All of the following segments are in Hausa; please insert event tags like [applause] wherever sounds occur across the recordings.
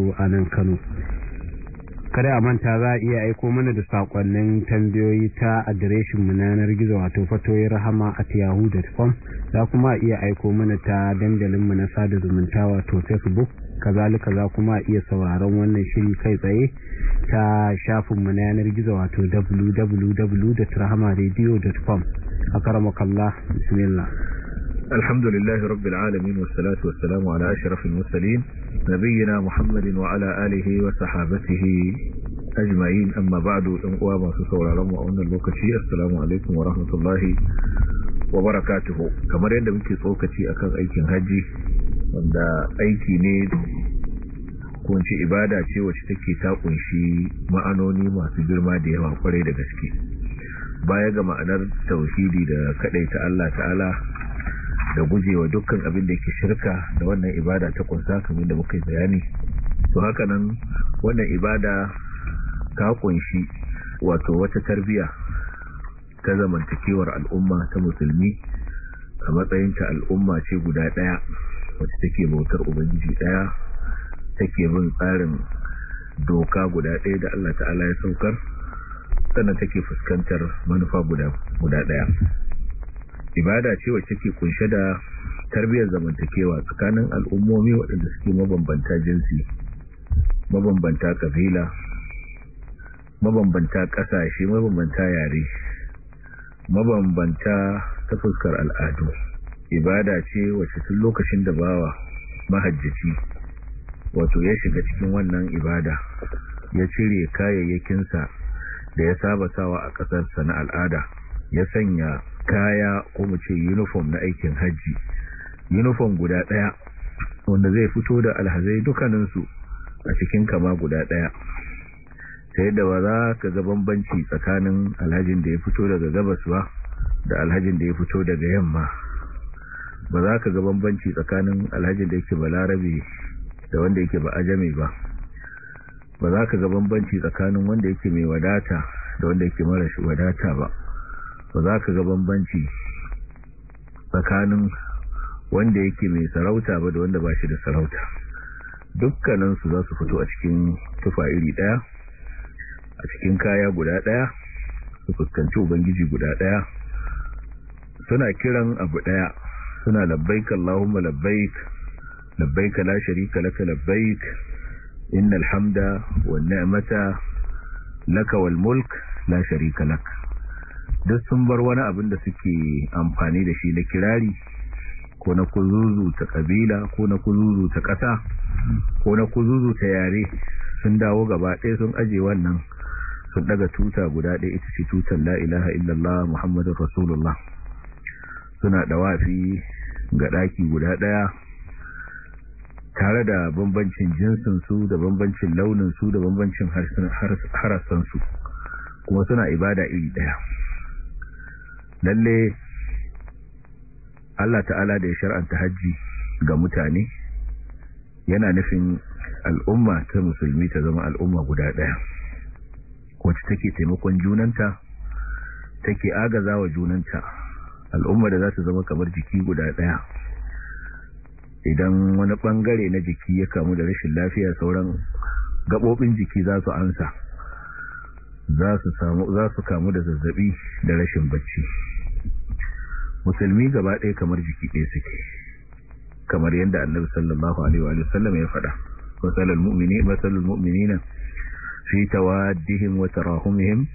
a nan Kano. Kada a manta za a iya aiko mana da saƙonnin tambayoyi ta adireshin mu yanar gizo wato fatoyi rahama at yahoo.com za kuma iya aiko mana ta dandalin mu na sada zumunta wato Facebook kazalika za kuma iya sauraron wannan shiri kai tsaye ta shafin mu na yanar gizo wato www.rahamaradio.com a karamakallah bismillah الحمد لله رب العالمين والصلاة والسلام على أشرف المرسلين نبينا محمد وعلى آله وصحابته أجمعين أما بعد أمقوام سسور علم وأن اللوكشي السلام عليكم ورحمة الله وبركاته كما رأينا منك صوكتي أكاد أيكين هجي وأن أيكيني kunshi ibada ce wacce take ta kunshi ma'anoni masu girma da yawa kwarai da gaske baya ga ma'anar tauhidi da kadaita Allah ta'ala da gujewa dukkan abin da yake shirka da wannan ibada ta kunsa kamar da muka yi bayani to haka nan wannan ibada ta kunshi wato wata tarbiya ta zamantakewar al'umma ta musulmi a matsayin ta al'umma ce guda daya wacce take bautar ubangiji daya take bin tsarin doka guda daya da Allah ta'ala ya saukar sannan take fuskantar manufa guda daya ibada ce wacce ke kunshe da tarbiyyar zamantakewa tsakanin al'ummomi waɗanda suke mabambanta jinsi mabambanta kabila mabambanta ƙasashe mabambanta yare mabambanta ta fuskar al'adu ibada ce wacce tun lokacin da bawa mahajjaci wato ya shiga cikin wannan ibada ya cire kayayyakinsa da ya saba sawa a ƙasarsa na al'ada ya sanya kaya ko mu ce uniform na aikin hajji uniform guda daya wanda zai fito da alhazai su a cikin kama guda daya ta yadda ba za ka ga bambanci tsakanin alhajin da ya fito daga gabas ba da alhajin da ya fito daga yamma ba za ka ga bambanci tsakanin alhajin da yake ba larabe da wanda yake ba ajami ba ba za ka ga bambanci tsakanin wanda yake mai wadata da wanda yake mara wadata ba ba za ka ga bambanci tsakanin wanda yake mai sarauta ba da wanda ba shi da sarauta dukkaninsu za su fito a cikin tufa iri ɗaya a cikin kaya guda ɗaya su fuskanci ubangiji guda ɗaya suna kiran abu ɗaya suna labbaik Allahumma labbaik labbaik la sharika laka labbaik innal hamda wan ni'mata laka wal mulk la sharika laka duk sun bar wani abin da suke amfani da shi na kirari ko na kuzuzu ta kabila ko na kuzuzu ta ƙasa ko na kuzuzu ta yare sun dawo gaba ɗaya sun aje wannan sun daga tuta guda ɗaya ita ce tutar la illallah muhammadun rasulullah suna dawafi ga ɗaki guda ɗaya tare da bambancin jinsinsu da bambancin launinsu da bambancin harassansu kuma suna ibada iri ɗaya lalle Allah ta'ala da ya shar'anta hajji ga mutane yana nufin al'umma ta musulmi ta zama al'umma guda ɗaya wacce take taimakon junanta take agazawa junanta al'umma da za ta zama kamar jiki guda ɗaya idan wani ɓangare na jiki ya kamu da rashin lafiya sauran gabobin jiki za su ansa za su kamu da zazzabi da rashin bacci musulmi gaba ɗaya kamar jiki ɗaya suke kamar yadda annabi sallallahu alaihi wa sallam ya faɗa masalul mu'mini masalul mu'minina fi tawaddihim wa tarahumihim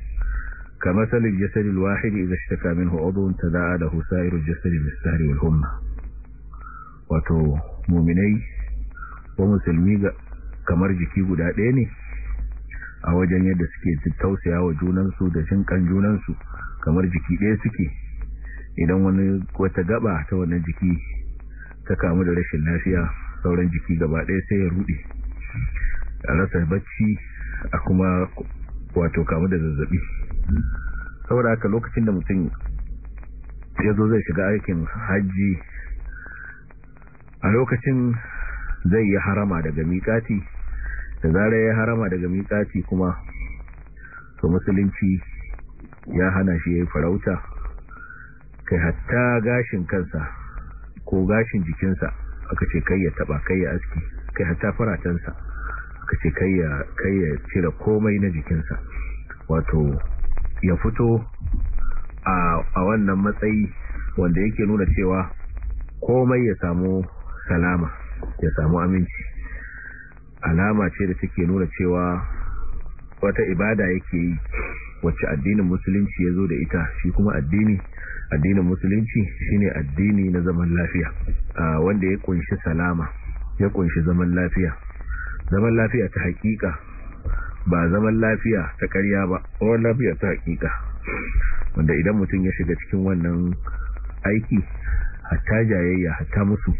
كمثل الجسد الواحد إذا اشتكى منه عضو تداعى له سائر الجسد بالسهر والهمة wato muminai ko musulmi kamar jiki guda ɗaya ne a wajen yadda suke tausayawa wa junansu da jin junansu kamar jiki ɗaya suke idan wani wata gaba ta wannan jiki ta kamu da rashin lafiya sauran jiki gaba ɗaya sai ya rude a rasa bacci a kuma wato kamu da zazzaɓi saboda haka lokacin da mutum ya zo zai shiga aikin hajji a lokacin zai yi harama daga miƙati da zarar ya harama daga miƙati kuma to musulunci ya hana shi ya yi farauta kai hatta gashin kansa ko gashin jikinsa aka ce kai ya taba kai ya aski kai hatta faratansa aka ce kai ya kai ya cire komai na jikinsa wato ya fito a a wannan matsayi wanda yake nuna cewa komai ya samu salama ya samu aminci alama ce da take nuna cewa wata ibada yake yi wacce addinin musulunci ya zo da ita shi kuma addini addinin musulunci shine addini na zaman lafiya wanda ya kunshi salama ya kunshi zaman lafiya zaman lafiya ta hakika ba zaman lafiya ta karya ba zaman lafiya ta hakika wanda idan mutum ya shiga cikin wannan aiki hatta jayayya hatta musu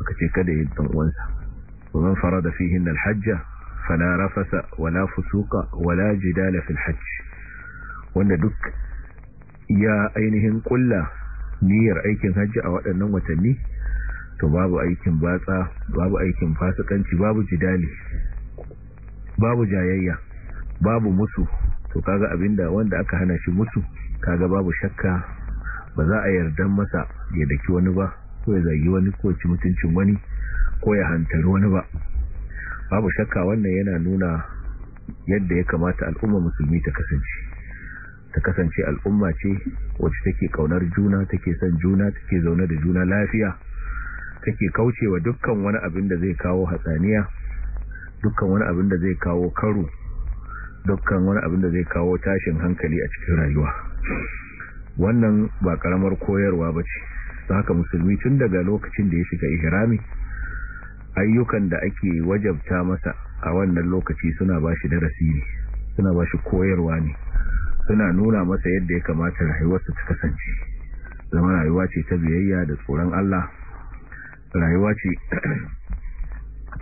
aka ce kada yin dan uwansa ومن فرض فيهن الحج فلا رفث ولا فسوق ولا جدال في الحج wanda duk ya ainihin kulla niyyar aikin hajji a waɗannan watanni to babu aikin batsa babu aikin fasikanci babu jidali babu jayayya babu musu to kaga abinda wanda aka hana shi musu kaga babu shakka ba za a yarda masa ya daki wani ba ko ya zagi wani ko ci mutuncin wani ko ya hantari wani ba babu shakka wannan yana nuna yadda ya kamata al'ummar musulmi ta kasance ta kasance al'umma ce wacce take kaunar juna take son juna take zaune da juna lafiya take kaucewa dukkan wani abin da zai kawo hatsaniya dukkan wani abin da zai kawo karo dukkan wani abin da zai kawo tashin hankali a cikin rayuwa wannan ba karamar koyarwa ba ce ta haka musulmi tun daga lokacin da ya shiga ihrami ayyukan da ake wajabta masa a wannan lokaci suna ba shi darasi ne suna ba shi koyarwa ne suna nuna masa yadda ya kamata rayuwarsa ta kasance zama rayuwa ce ta biyayya da tsoron Allah rayuwa ce [clears throat]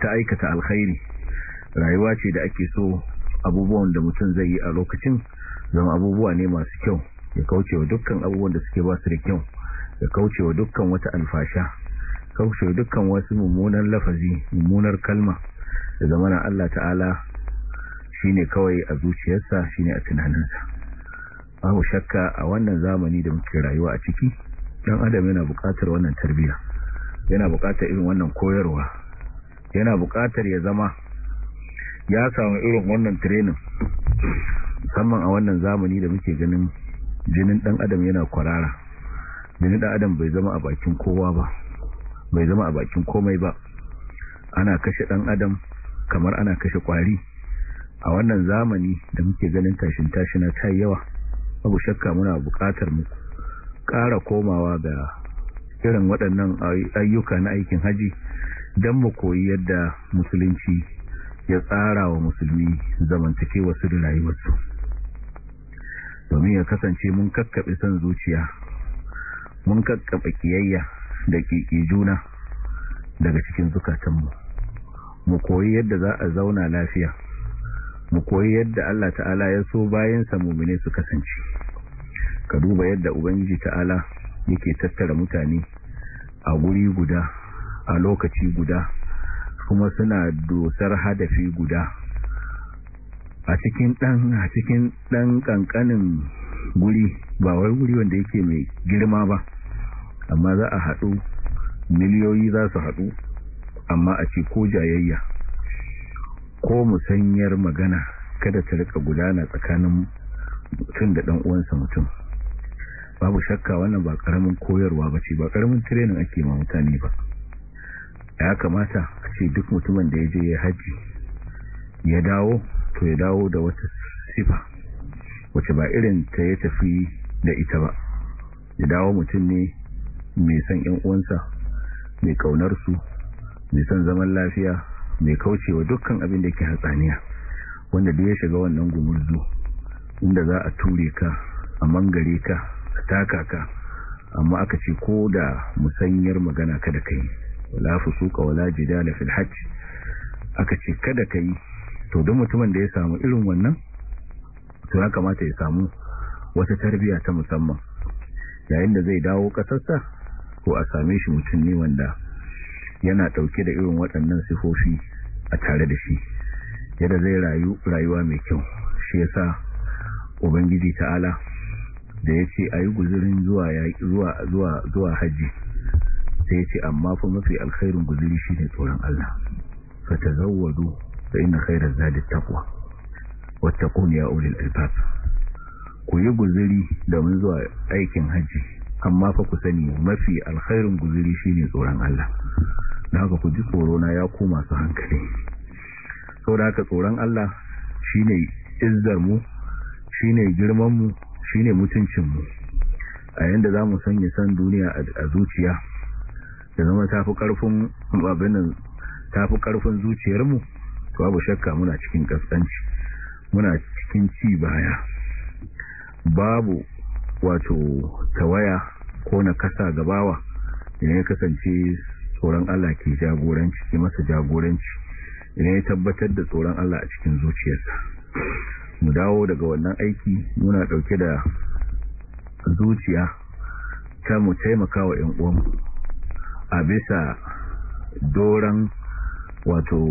ta aikata alkhairi rayuwa ce da ake so abubuwan da mutum zai yi a lokacin zama abubuwa ne masu kyau ya kaucewa dukkan abubuwan da suke basu da kyau ya kaucewa dukkan wata alfasha kaucewa dukkan wasu mummunan lafazi mummunar kalma da zamana Allah ta'ala shine kawai a zuciyarsa shine a tunaninsa babu shakka a wannan zamani da muke rayuwa a ciki dan adam yana buƙatar wannan tarbiyya yana buƙatar irin wannan koyarwa yana buƙatar ya zama ya samu irin wannan training musamman a wannan zamani da muke ganin jinin dan adam yana kwarara jinin dan adam bai zama a bakin kowa ba bai zama a bakin komai ba ana kashe dan adam kamar ana kashe kwari a wannan zamani da muke ganin tashin na ta yawa babu shakka muna buƙatar mu ƙara komawa ga irin waɗannan ayyuka na aikin haji don mu koyi yadda musulunci ya tsara wa musulmi zamantake wasu da rayuwarsu domin ya kasance mun kakkaɓe son zuciya mun kakkaɓe kiyayya da ƙiƙi juna daga cikin zukatanmu mu koyi yadda za a zauna lafiya mu koyi yadda Allah ta'ala ya so bayansa mummune su kasance ka duba yadda ubangiji ta'ala yake tattara mutane a guri guda a lokaci guda kuma suna dosar hadafi guda a cikin dan a cikin dan kankanin guri ba wai guri wanda yake mai girma ba amma za a hadu miliyoyi za su hadu amma a ce ko jayayya ko musanyar magana kada ta rika gudana tsakanin mutum da dan uwansa mutum babu shakka wannan ba karamin koyarwa ba ce ba karamin training ake ma mutane ba ya kamata a ce duk mutumin da ya je ya haji ya dawo to ya dawo da wata sifa wacce ba irin ta ya tafi da ita ba ya dawo mutum ne mai son yan uwansa mai ƙaunarsu mai son zaman lafiya mai kaucewa dukkan abin da ke hatsaniya wanda da ya shiga wannan gumurzu inda za a ture ka a mangare ka a taka ka amma aka ce ko da musanyar magana kada ka yi wala fusuka wala jidala fil hajj aka ce kada ka yi to don mutumin da ya samu irin wannan to ya kamata ya samu wata tarbiya ta musamman yayin da zai dawo kasarsa ko a same shi mutum ne wanda yana ɗauke da irin waɗannan sifofi a tare da shi yadda zai rayu rayuwa mai kyau shi yasa ubangiji ta'ala da ya ce a yi guzirin zuwa hajji sai ya ce amma fa mafi alkhairun guziri shi ne tsoron Allah fa ta zawwado da ina khairar zadi takwa wata ya ulil albab ku yi guziri mun zuwa aikin hajji amma fa ku sani mafi alkhairin guzuri shine tsoron Allah na haka ku ji tsoro na ya koma su hankali saboda haka tsoron Allah shine izzar mu shine girman mu shine mutuncin mu a yanda zamu sanya san duniya a zuciya da zama tafi karfin abin nan tafi karfin zuciyar mu to babu shakka muna cikin kaskanci muna cikin ci baya babu wato tawaya ko na kasa gabawa idan ya kasance tsoron Allah ke jagoranci ke masa jagoranci idan ya tabbatar da tsoron Allah a cikin zuciyarsa mu dawo daga wannan aiki muna dauke da zuciya ta mu taimaka wa ƴan uwanmu a bisa doran wato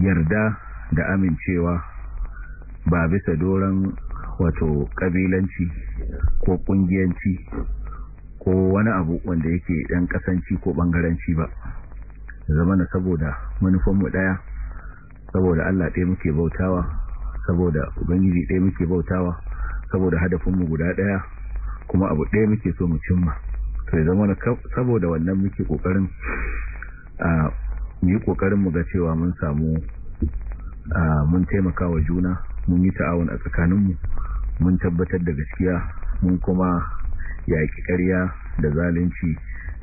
yarda da amincewa ba bisa doron wato kabilanci ko kungiyanci ko wani abu wanda yake ɗan kasanci ko bangaranci ba zama na saboda manufanmu daya saboda Allah ɗaya muke bautawa saboda ubangiji ɗaya muke bautawa saboda hadafinmu guda ɗaya kuma abu ɗaya muke so mu cimma to ya zama saboda wannan muke ƙoƙarin a mu yi ƙoƙarin mu ga cewa mun samu mun taimaka wa juna mun yi ta'awun a tsakaninmu mun tabbatar da gaskiya mun kuma yaƙi ƙarya da zalunci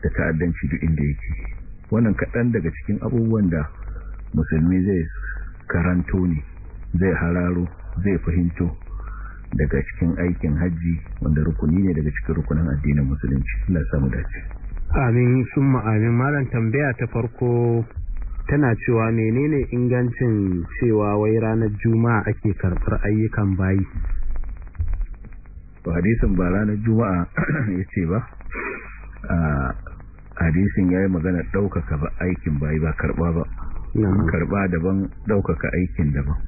da ta'addanci duk inda yake wannan kaɗan daga cikin abubuwan da musulmi zai karanto ne zai hararo zai fahimto daga cikin aikin hajji wanda rukuni ne daga cikin rukunin addinin musulunci Allah samu dace amin summa amin malam tambaya ta farko tana cewa menene ingancin cewa wai ranar juma'a ake karɓar ayyukan bayi ba hadisin ba ranar juma'a [clears throat] ya ce ba hadisin yi magana ɗaukaka ba aikin bayi ba karɓa ba karɓa daban ɗaukaka aikin daban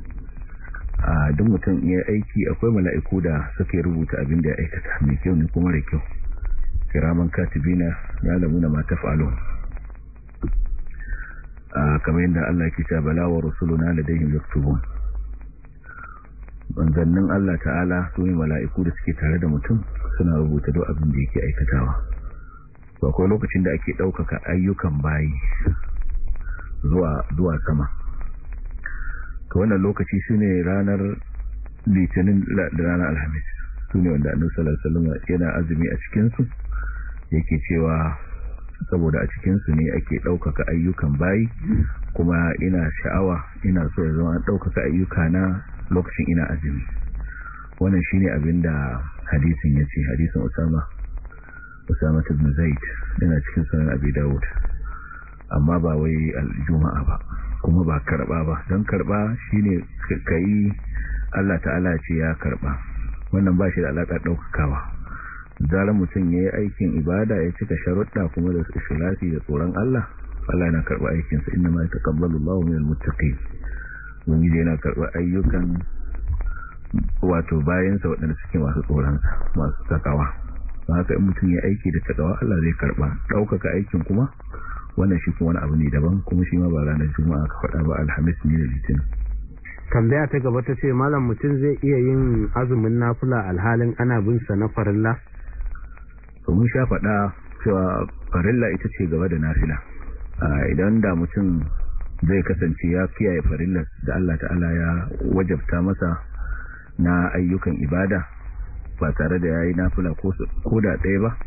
a duk mutum ya aiki akwai mala'iku da yi rubuta abin da ya aikata mai kyau ne kuma da kyau kiraman katibina ya lamuna ma tafalun kamar yadda Allah ke cewa bala wa rusuluna ladaihim yaktubun banzannin Allah ta'ala su ne mala'iku da suke tare da mutum suna rubuta duk abin da yake aikatawa to akwai lokacin da ake ɗaukaka ayyukan bayi zuwa zuwa sama ka wannan lokaci su ne ranar litinin da ranar alhamis su wanda annabi sallallahu alaihi wasallam yana azumi a cikin su yake cewa saboda a cikinsu ne ake ɗaukaka ayyukan bayi kuma ina sha'awa ina so ya zama ɗaukaka ayyuka na lokacin ina azumi wannan shine abin da hadisin ya ce hadisin usama usama ta zaid yana cikin sunan abi dawud amma ba wai aljuma'a ba kuma ba karɓa ba don karba shine kai Allah ta'ala ce ya karɓa. wannan ba shi da alaƙar ɗaukakawa zarar mutum ya yi aikin ibada ya cika sharuɗa kuma da ikhlasi da tsoron Allah Allah yana karɓa aikinsa inda ma yataqabbalu Allahu minal muttaqin wani yana karɓa ayyukan wato bayansa waɗanda suke masu tsoronsa masu takawa haka in mutum ya aiki da takawa Allah zai karɓa ɗaukaka aikin kuma wannan shi kuma wani abu ne daban kuma shi ma ba ranar juma'a ka faɗa ba alhamis ne da litinin tambaya ta gaba ta ce malam mutum zai iya yin azumin nafula alhalin ana bin sa na farilla mun sha faɗa cewa farilla ita ce gaba da nafila idan da mutum zai kasance ya kiyaye farillar da Allah ta'ala ya wajabta masa na ayyukan ibada ba tare da ya yi nafila ko da ɗaya ba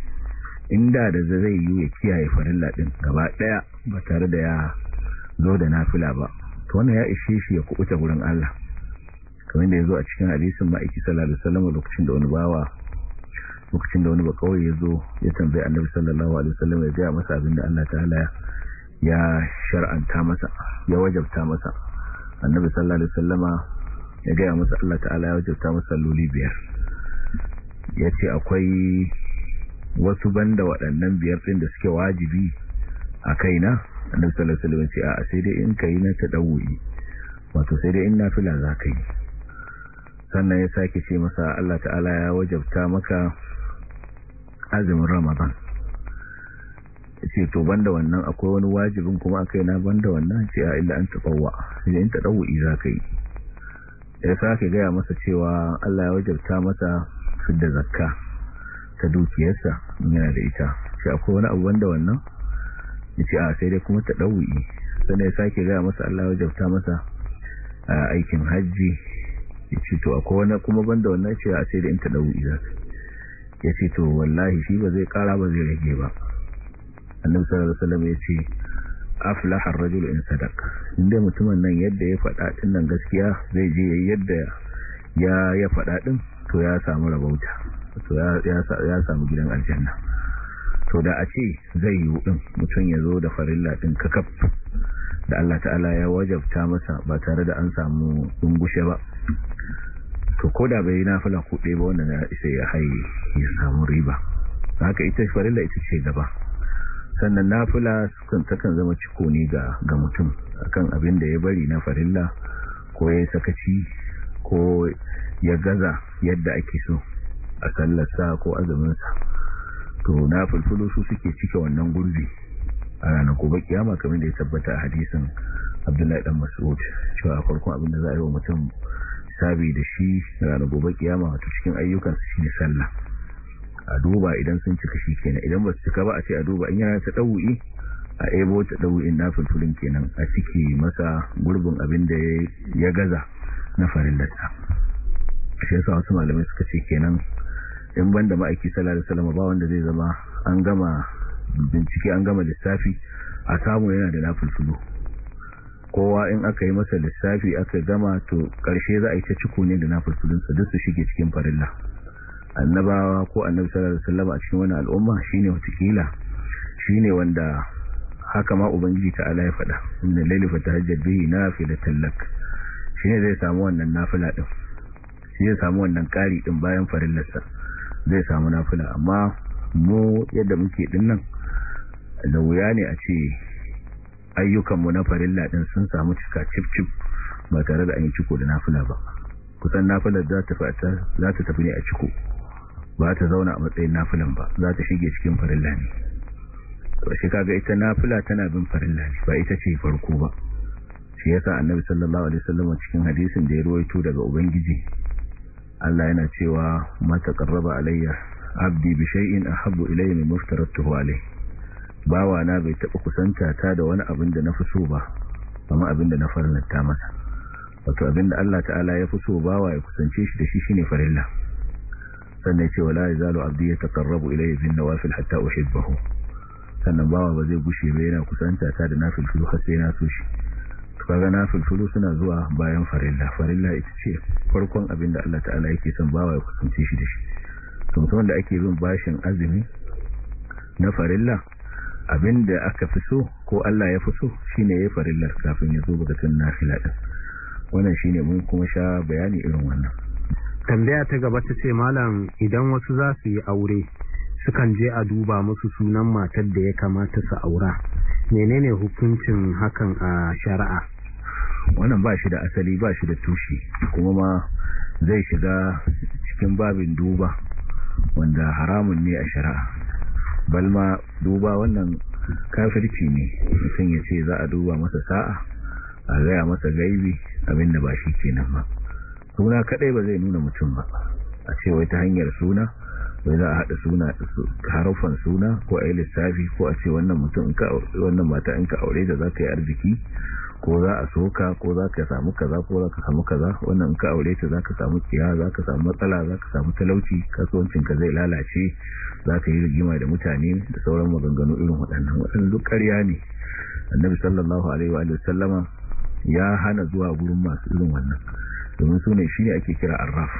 inda da zai yi ya kiyaye farilla ɗin gaba ɗaya ba tare da ya zo da nafila ba to wannan ya ishe shi ya kuɓuta wurin Allah kamar da ya zo a cikin hadisin ma'aiki sallallahu alaihi wasallam lokacin da wani bawa lokacin da wani ba kawai ya zo ya tambayi annabi sallallahu alaihi wasallam ya gaya masa abin da Allah ta'ala ya shar'anta masa ya wajabta masa annabi sallallahu alaihi wasallama ya gaya masa Allah ta'ala ya wajabta masa luli biyar ya ce akwai wasu banda waɗannan biyar ɗin da suke wajibi a kaina annabi sallallahu alaihi wasallam ya ce a sai dai in kai na ta tadawuyi wato sai dai in nafila za ka yi sannan ya sake ce masa Allah ta'ala ya wajabta maka azumin ramadan ce to banda wannan akwai wani wajibin kuma aka yi na banda wannan ce a illa an taɓawa da in taɗawu'i za ka yi ya sa ka gaya masa cewa allah ya wajabta masa fidda zakka ta dukiyarsa yana da ita ce akwai wani abu banda wannan ya ce a sai dai kuma ta taɗawu'i sannan ya sa ka gaya masa allah ya wajabta masa a aikin hajji ya ce to akwai wani kuma banda wannan ce a sai da in ta taɗawu'i za ka yi ya ce to wallahi shi ba zai kara ba zai rage ba annabi sallallahu alaihi wasallam ya ce aflaha ar-rajul in sadaka inda mutumin nan yadda ya faɗa din nan gaskiya zai je yadda ya ya faɗa din to ya samu rabauta to ya samu gidan aljanna to da a ce zai yi din mutum ya zo da farilla din kakaf da Allah ta'ala ya wajabta masa ba tare da an samu dungushe ba to ko da bai nafila ko ɗaya ba wannan ya isa ya haye ya samu riba haka ita farilla ita ce gaba sannan nafila sukan takan zama ciko ne ga ga mutum akan abin da ya bari na farilla ko ya sakaci ko ya gaza yadda ake so a sallarsa ko azuminsa to na fulfulo su suke cike wannan gurbi a ranar gobe kiyama kamar da ya tabbata a hadisin abdullahi dan mas'ud cewa farkon abin da za a yi wa mutum hisabi da shi ranar gobe kiyama wato cikin ayyukan su shine sallah a duba idan sun cika shi kenan idan ba su cika ba a ce a duba in yana ta dawu'i a ebo ta dawu'in na fulfulin kenan a ciki masa gurbin abin da ya gaza na farin latta shi yasa wasu malamai suka ce kenan in banda ma'aiki sallah da salama ba wanda zai zama an gama bincike an gama lissafi a samu yana da nafulfulu kowa in aka yi masa lissafi aka gama to ƙarshe za a yi ta ciko ne da nafulfulinsa duk su shige cikin farilla annabawa ko annabi sallallahu alaihi wasallam a cikin wani al'umma shine watakila shine wanda haka ma ubangiji ta ala ya faɗa inna laili fa tahajjad bihi nafilatan shi shine zai samu wannan nafila din shi zai samu wannan kari din bayan farillarsa zai samu nafila amma mu yadda muke dinnan da wuya ne a ce ayyukanmu na farilla din sun samu cika cif-cif ba tare da an yi ciko da nafula ba kusan nafilar za ta tafi ne a ciko ba ta zauna a matsayin nafulan ba za ta shige cikin farilla ne shi kaga ita nafula tana bin farilla ne ba ita ce farko ba shi yasa annabi sallallahu alaihi wasallam cikin hadisin da ya ruwaito daga ubangiji Allah yana cewa mata karraba alayya abdi bi shay'in ahabbu ilayya mimma aftaratuhu alayhi bawa na bai taɓa kusanta ta da wani abin da na fi so ba amma abin da na farlanta masa wato abin da Allah ta'ala ya fi so bawa ya kusance shi da shi ne farilla sannan ce wala yazalu abdi yataqarrabu ilayya bin nawafil hatta uhibbahu sannan bawa ba zai gushe ba yana kusanta ta da nafilfilu har sai na so shi to kaga nafilfilu suna zuwa bayan farilla farilla ita ce farkon abin da Allah ta'ala yake son bawa ya kusance shi da shi to mutum da ake bin bashin azumi na farilla abin da aka fi so ko Allah ya fi so shine yayi fari kafin ya zo bukatun nafila din wannan shine mun kuma sha bayani irin wannan tambaya ta gaba ta ce malam idan wasu za su yi aure sukan je a duba musu sunan matar da ya kamata su aura menene hukuncin hakan a shari'a wannan ba shi da asali ba shi da tushe kuma ma zai shiga cikin babin duba wanda haramun ne a shari'a balma duba wannan kafirci ne sun yi ce za a duba masa sa'a a gaya masa gaibi abinda ba shi kenan ba suna kadai ba zai nuna mutum ba a ce wai ta hanyar suna wai za a haɗa suna harufan suna ko a yi lissafi ko a ce wannan mata in ka aure da za ka yi arziki ko za a soka ko za ka samu kaza ko za ka samu kaza wannan in ka aure ta za ka samu kiya za ka samu matsala za ka samu talauci kasuwancinka zai lalace za ka yi rigima da mutane da sauran maganganu irin waɗannan waɗannan duk ƙarya ne annabi sallallahu alaihi wa sallama ya hana zuwa gurin masu irin wannan domin su ne shi ne ake kira arraf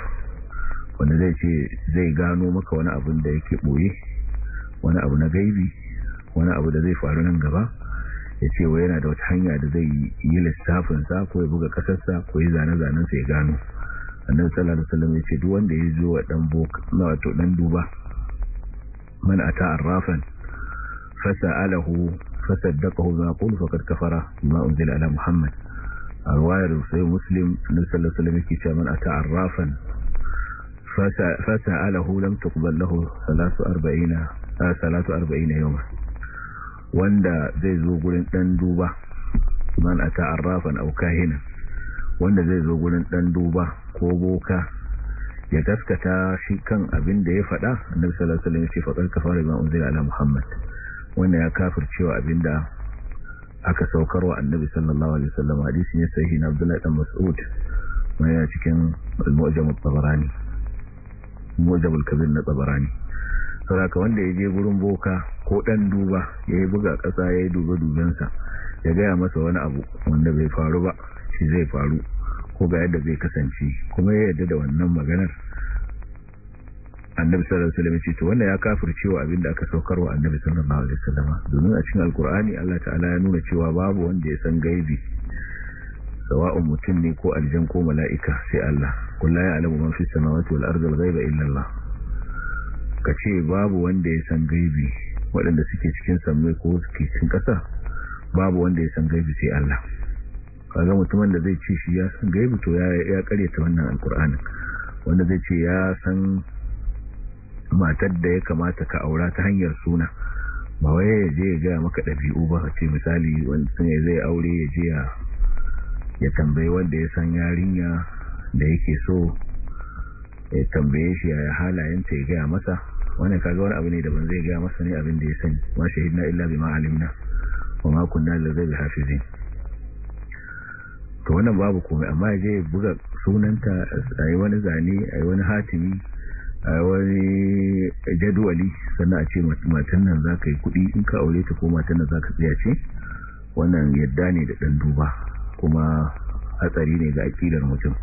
wanda zai ce zai gano maka wani abin da yake ɓoye wani abu na gaibi wani abu da zai faru nan gaba ya ce wa yana da wata hanya da zai yi lissafinsa ko ya buga kasarsa ko ya zane-zanensa ya gano annan da salama ya ce duk wanda ya zo wa ɗan boka na wato dan duba man ata arrafan fasa'alahu fasaddaqahu ma qul faqad kafara ma unzila ala muhammad a ruwayar sai muslim annan sallallahu alaihi yake cewa man ata arrafan alahu lam tuqbal lahu salatu 40 salatu 40 wanda zai zo gurin dan duba man ata arrafan aw kahina wanda zai zo gurin dan duba ko boka ya gaskata shi kan abin da ya faɗa annabi sallallahu alaihi wasallam ya ce faqad kafara ma unzila ala muhammad wanda ya kafircewa abinda aka saukar wa annabi sallallahu alaihi wasallam hadisi ne sai na Abdullah dan Mas'ud mai cikin al-Mu'jam al-Tabarani Mu'jam al-Kabir na Tabarani saraka wanda ya je gurin boka ko dan duba ya yi buga ƙasa ya yi duba-dubensa ya gaya masa wani abu wanda bai faru ba shi zai faru ko ga yadda zai kasance kuma ya yadda da wannan maganar annabi sallallahu alaihi wasallam ce to wannan ya kafircewa abinda aka saukar wa annabi sallallahu alaihi wasallam domin a cikin alkur'ani Allah ta'ala ya nuna cewa babu wanda ya san gaibi sawa'un mutum ne ko aljan ko mala'ika sai Allah kullaya ya man fi samawati wal ardi al-ghaiba illa Allah ka ce babu wanda ya san gaibi waɗanda suke cikin sammai ko suke cikin ƙasa babu wanda ya san gaibi sai Allah kaga mutumin da zai ce shi ya san gaibi to ya ya ta wannan alkur'anin wanda zai ce ya san matar da ya kamata ka aura ta hanyar suna ba wai ya je ya gaya maka ɗabi'u ba ce misali wanda ya zai aure ya je ya tambayi wanda ya san yarinya da yake so ya tambaye shi yaya halayenta ya gaya masa wannan kaga wani abu ne daban zai ga masa ne abin da ya sani ma shahidna illa bima alimna wa ma kunna lil ghaibi hafizin to wannan babu komai amma ya je buga sunanta a yi wani zane a yi wani hatimi a yi wani jadwali sannan a ce matan nan za ka yi kuɗi in ka aure ta ko matan nan za ka tsaya ce wannan yadda ne da ɗan duba kuma hatsari ne ga akilar mutum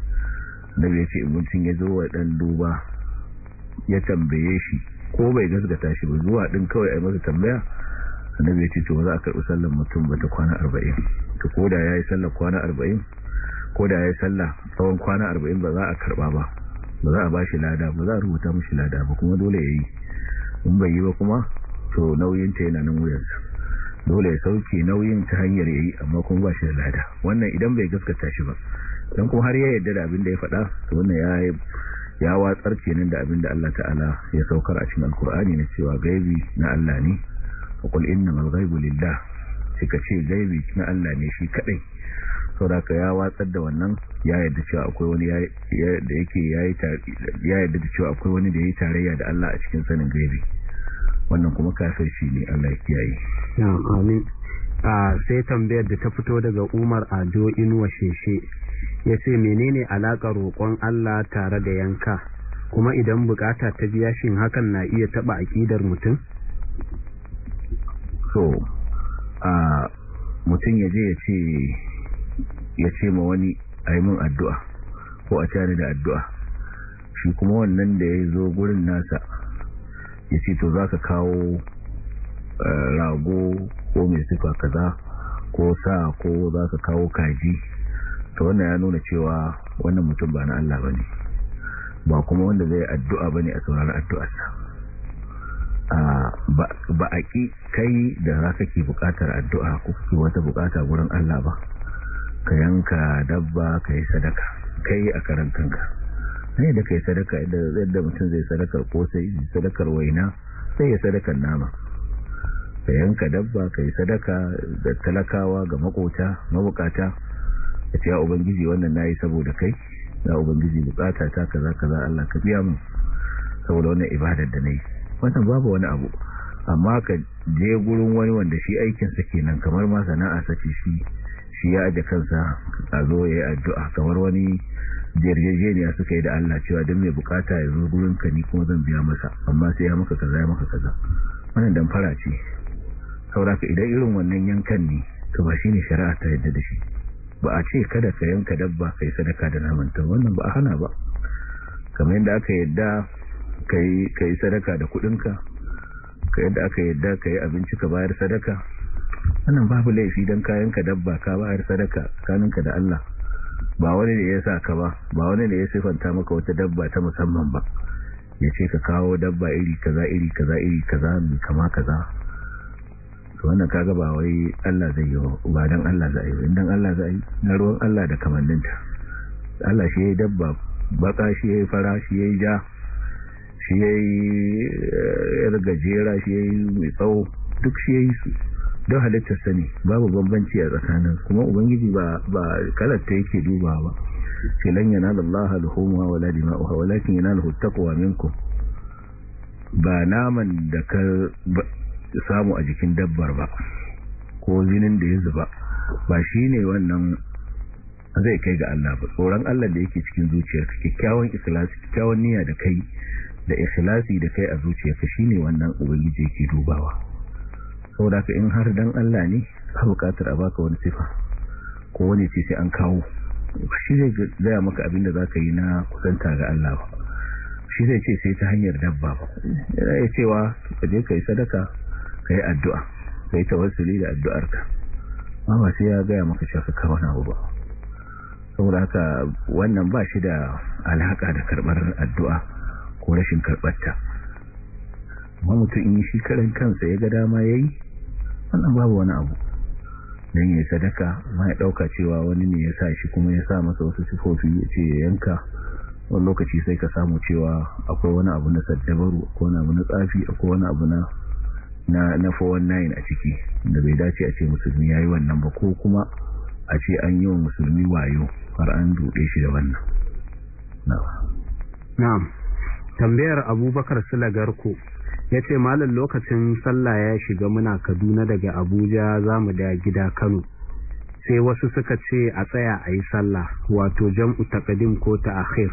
na ya ce mutum ya zo wa ɗan duba ya tambaye shi ko bai gasgata shi ba zuwa din kawai ai masa tambaya annabi ya ce to za a karbi sallar mutum ba ta kwana arba'in to ko da ya yi sallar kwana arba'in ko da ya yi sallar tsawon kwana arba'in ba za a karɓa ba ba za a ba shi lada ba za a rubuta mashi lada ba kuma dole ya yi in bai yi ba kuma to nauyin ta yana nan wuyansa dole ya sauke nauyin ta hanyar ya yi amma kuma ba shi da lada wannan idan bai gaskata shi ba don kuma har ya yarda da abin da ya faɗa to wannan ya yi ya watsar kenan da abin da Allah ta'ala ya saukar a cikin alkur'ani na cewa gaibi na Allah ne aqul innamal ghaibu lillah suka ce gaibi na Allah ne shi kadai saboda ya watsar da wannan ya yadda cewa akwai wani da yake yayi ya yadda cewa akwai wani da yayi tarayya da Allah a cikin sanin gaibi wannan kuma shi ne Allah ya kiyaye na'am amin a ah, sai tambayar da ta fito daga Umar Ado Inuwa Sheshe ya ce menene alaƙar roƙon Allah tare da yanka kuma idan bukata ta biya yashin hakan na iya taɓa aƙidar mutum? so a mutum ya je ya ce ma wani aimin addu'a ko a cari da addu'a shi kuma wannan da ya zo gurin nasa ya ce to za ka kawo eh, rago ko mai sifa kaza ko sa ko za ka kawo kaji to wannan ya nuna cewa wannan mutum ba na Allah bane ba kuma wanda zai addu'a bane a saurari addu'arsa ba a ƙi kai da za ka ke buƙatar addu'a ko kake wata buƙata wurin Allah ba ka yanka dabba ka yi sadaka kai a karan kanka ne da kai sadaka yadda mutum zai sadakar kosai sadakar waina sai ya sadakar nama ka yanka dabba ka yi sadaka da talakawa ga makota mabukata ka ce ya ubangiji wannan na yi saboda kai ya ubangiji bukata ta kaza kaza Allah ka biya mu saboda wannan ibadar da na yi wannan babu wani abu amma ka je gurin wani wanda shi aikinsa kenan kamar ma sana'a sace shi shi ya aje kansa a zo ya yi addu'a kamar wani jirgejeniya suka yi da Allah cewa don mai bukata ya zo gurin ka ni kuma zan biya masa amma sai ya maka kaza ya maka kaza wannan damfara ce sauraka idan irin wannan yankan ne to ba shine shari'a ta yadda da shi ba a ce kada ka yanka dabba kai sadaka da namanta wannan ba a hana ba kamar yadda aka yadda ka yi sadaka da kudinka ka yadda aka yadda ka yi abinci ka bayar sadaka wannan babu laifi don kayanka dabba ka bayar sadaka kaninka da Allah ba wani da ya sa ka ba ba wani ne ya sifanta maka wata dabba ta musamman ba ya ce ka kawo dabba iri kaza iri kaza iri kaza mai kama kaza to wannan kaga ba wai Allah zai yi ba dan Allah zai yi dan Allah zai yi na ruwan Allah da kamanninta Allah shi yayi dabba baka shi yayi fara shi yayi ja shi yayi eh, gajera shi yayi mai tsawo duk shi yayi su don halittar sani babu bambanci a tsakanin kuma ubangiji ba ba kalatta yake dubawa ba sai lan da Allah wa humwa wala dima'uha walakin yanalahu taqwa minkum ba naman da ka ya samu a jikin dabbar ba ko jinin da ya zuba ba shi ne wannan zai kai ga Allah ba tsoron Allah da yake cikin zuciyarka kyakkyawan ikhlasi kyakkyawan niyya da kai da ikhlasi da kai a zuciyarka shine wannan ubangiji yake dubawa saboda ka in har dan Allah ne ka bukatar a baka wani sifa ko wani ce sai an kawo shi zai gaya maka abin da zaka yi na kusanta ga Allah ba shi zai ce sai ta hanyar dabba ba yana iya cewa ka je ka yi sadaka ka yi addu'a ka yi tawassuli da addu'arka amma sai ya gaya maka cewa ka abu ba saboda haka wannan ba shi da alaƙa da karɓar addu'a ko rashin karɓarta amma mutum in shi karin kansa ya ga dama ya yi wannan babu wani abu don ya sadaka ma ya ɗauka cewa wani ne ya sa shi kuma ya sa masa wasu sifofi ya ce ya yanka wani lokaci sai ka samu cewa akwai wani abu na saddabaru akwai wani abu na tsafi akwai wani abu na na na 419 a ciki da bai dace a ce musulmi yayi wannan ba ko kuma a ce an yi wa musulmi wayo har an duɗe shi da wannan na'am tambayar abubakar ku ya ce malin lokacin sallah ya shiga muna kaduna daga abuja za mu da gida kano sai wasu suka ce a tsaya a yi sallah wato jam'u takadim ko akhir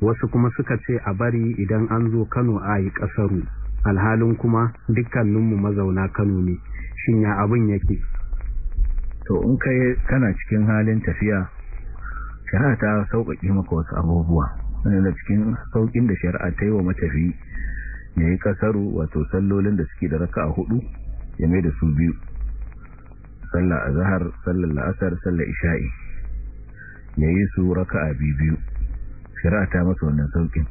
wasu kuma suka ce a bari idan an zo kano a yi kasaru alhalin kuma dukkaninmu mazauna kano ne shin ya abin yake to in kai kana cikin halin tafiya shari'a ta sauƙaƙe maka wasu abubuwa da cikin sauƙin da shari'a ta yi wa matafi ya yi kasaru wato sallolin da suke da raka a hudu ya mai da su biyu sallar azahar sallar la'asar sallar isha'i ya yi su raka a biyu shari'a ta masa wannan sauƙin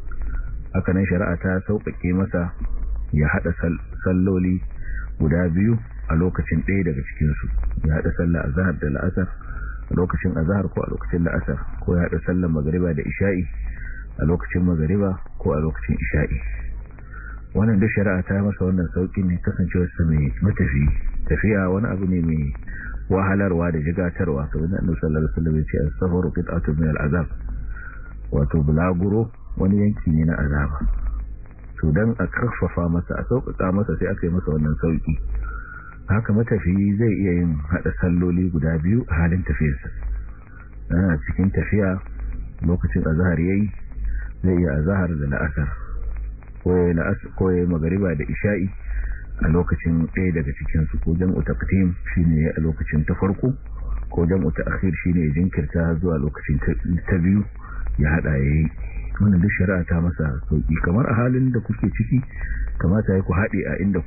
hakanan shari'a ta sauƙaƙe masa ya hada salloli guda biyu a lokacin ɗaya daga cikinsu ya hada sallar azahar da la'asar a lokacin azahar ko a lokacin la'asar ko ya hada sallar magariba da isha'i a lokacin magariba ko a lokacin isha'i wannan da shari'a ta masa wannan saukin ne kasancewar wasu mai matafi tafiya wani abu ne mai wahalarwa da jigatarwa kamar da Annabi sallallahu ya ce a safar atomiyar azab wato bulaguro wani yanki ne na azaba to dan a karfafa masa a sauƙaƙa masa sai aka yi masa wannan sauƙi haka matafiyi zai iya yin haɗa salloli guda biyu a halin tafiyarsa yana cikin tafiya lokacin azahar ya yi zai iya azahar da la'asar ko ya yi magariba da isha'i a lokacin ɗaya daga cikinsu ko jan jam'u shi ne a lokacin ta farko ko jan uta akhir shi shine jinkirta zuwa lokacin ta biyu ya haɗa ya yi. wannan da shari'a ta masa sauki kamar a halin da kuke ciki kamata ya ku haɗe a inda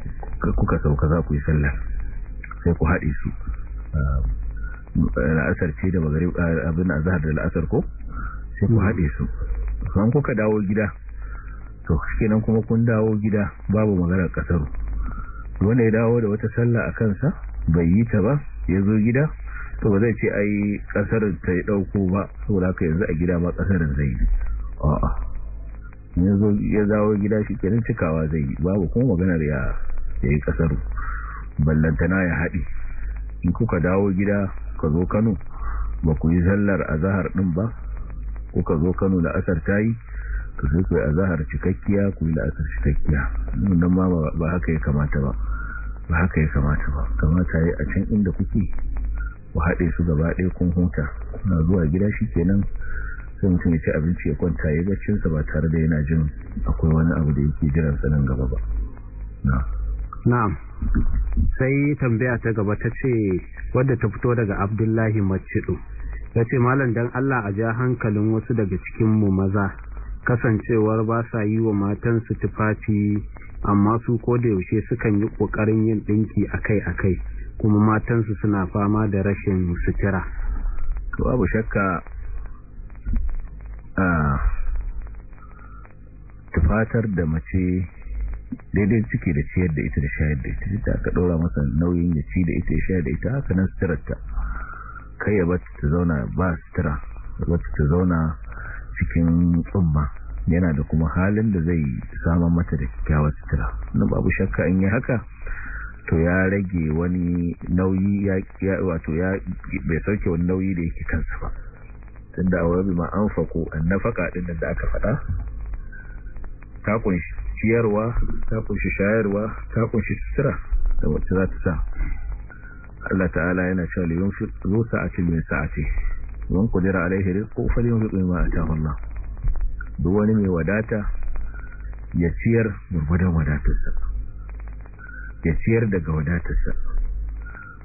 kuka sauka za ku yi sallah sai ku haɗe su la'asar ce da magarib abin a zahar da la'asar ko sai ku haɗe su an kuka dawo gida to nan kuma kun dawo gida babu maganar kasaru wanda ya dawo da wata sallah a kansa bai yi ta ba ya zo gida to ba zai ce ai ƙasar ta yi ɗauko ba saboda haka yanzu a gida ma ƙasarin zai yi a'a zo ya zawo gida shi kenan cikawa zai yi babu kuma maganar ya yi kasar ballantana ya haɗi in kuka dawo gida ka zo kano ba ku yi sallar azahar ɗin ba ka zo kano da asar ta yi ka ku yi azahar cikakkiya ku yi la'asar cikakkiya nan ma ba haka ya kamata ba ba haka ya kamata ba kamata yi a can inda kuke ku haɗe su gaba ɗaya kun huta kuna zuwa gida shi kenan sai mutum ya ci abinci ya kwanta ya baccinsa ba tare da yana jin akwai wani abu da yake jiran sanin gaba ba na'am sai tambaya ta gaba ta ce wadda ta fito daga abdullahi macidu ya ce malam don allah a ja hankalin wasu daga cikinmu maza kasancewar ba sa yi wa matansu tufafi amma su ko da yaushe sukan yi ƙoƙarin yin ɗinki akai-akai kuma matansu suna fama da rashin sutura to abu shakka tufatar da mace daidai ciki da ciyar da ita da shayar da ita da aka ɗora masa nauyin ya ci da ita ya shayar da ita haka nan ta kai ya bata ta zauna ba sutura bata ta zauna cikin tsumma yana da kuma halin da zai saman mata da kyawar sutura nan babu shakka in yi haka to ya rage wani nauyi ya wato ya bai sauke wani nauyi da yake kansa ba tunda wa bima anfaqu annafaka din da aka faɗa ta kunshi ciyarwa ta kunshi shayarwa ta kunshi sutura da wacce za ta sa Allah ta'ala yana cewa liyun fi zu sa'ati min sa'ati wan qadira alaihi rizqu falyunfiq ma ataahu Allah duk wani mai wadata ya ciyar gurgudan wadatarsa ya ciyar daga wadatarsa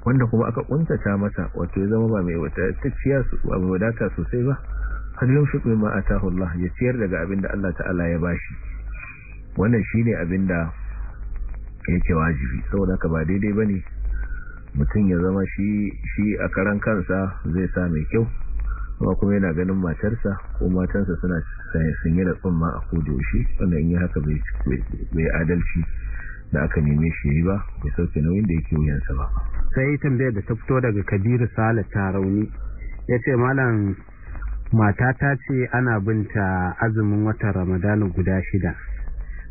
wanda kuma aka kuntata masa wato ya zama ba mai wadataciya ba mai wadata sosai ba hannun shi kuma atahu Allah ya ciyar daga abin da Allah ta'ala ya bashi wannan shine abin da yake wajibi saboda ka ba daidai ba ne mutum ya zama shi a karan kansa zai sa mai kyau kuma kuma yana ganin matarsa ko matarsa suna sanye da tsumma a kodoshi wannan in yi haka bai adalci da aka neme shi yi ba ya sauke nauyin da yake wuyansa ba sai tambayar da ta fito daga kabiru sale rauni. ya ce malam mata ta ce ana binta azumin watan ramadana guda shida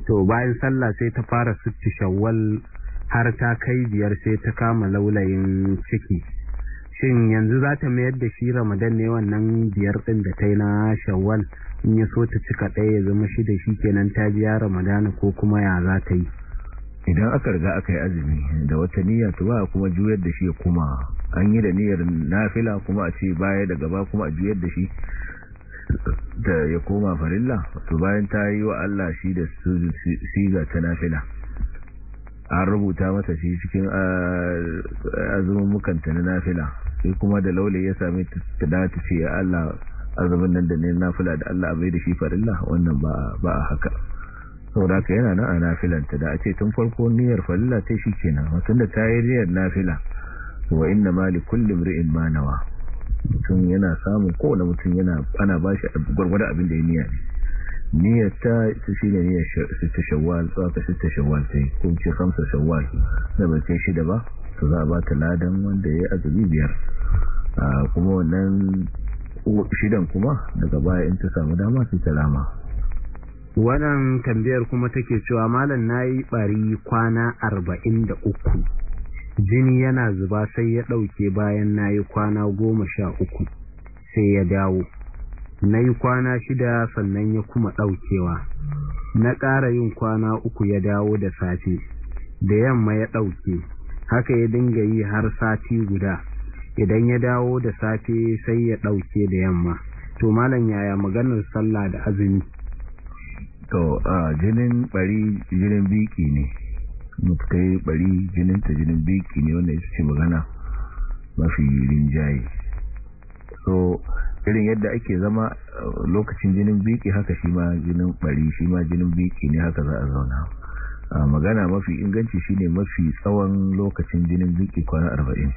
to bayan sallah sai ta fara sutti shawwal har ta kai biyar sai ta kama laulayin ciki shin yanzu za ta mayar da shi ramadan ne wannan biyar ɗin da ta yi na shawwal in ya so ta cika ɗaya ya zama shida shi kenan ta biya ramadana ko kuma ya za ta yi idan aka riga aka yi azumi da wata niyya to ba kuma juyar da shi kuma an yi da niyyar nafila kuma a ce baya da gaba kuma a juyar da shi da ya koma farilla to bayan ta yi wa Allah shi da siga ta nafila an rubuta mata shi cikin ah, azumin mukanta na nafila sai kuma da laule ya sami ta dace ce ya Allah azumin nan da ne nafila da Allah bai da shi farilla wannan ba a haka saboda ka yana nan a nafilanta da a ce tun farko niyyar shi ke shikenan mutum da ta yi niyyar nafila wa inna mali kullum ri'in manawa mutum yana samun kowane mutum yana ana bashi gwargwada abin da ya niyya niyyar ta ita shi ne niyyar sita shawwal tsaka sita shawwal sai ko ce kamsa shawwal da ba ce shida ba to za a ba ta ladan wanda ya azumi biyar ah, kuma wannan shidan kuma daga baya in ta samu dama sai ta rama. wannan tambayar kuma take cewa malam nayi bari kwana 43 jini yana zuba sai ya dauke bayan nayi kwana 13 sai ya dawo nayi kwana 6 sannan ya kuma daukewa na ƙara yin kwana uku ya dawo da safe da yamma ya dauke haka ya dinga yi har sati guda idan ya dawo da safe sai ya dauke da yamma to malam yaya maganar sallah da azumi to a jinin bari jinin biki ne mutu bari jinin ta jinin biki ne wanda ya ce magana mafi rinjaye so irin yadda ake zama lokacin jinin biki haka shi ma jinin bari shi ma jinin biki ne haka za a zauna a magana mafi inganci shi ne mafi tsawon lokacin jinin biki kwana arba'in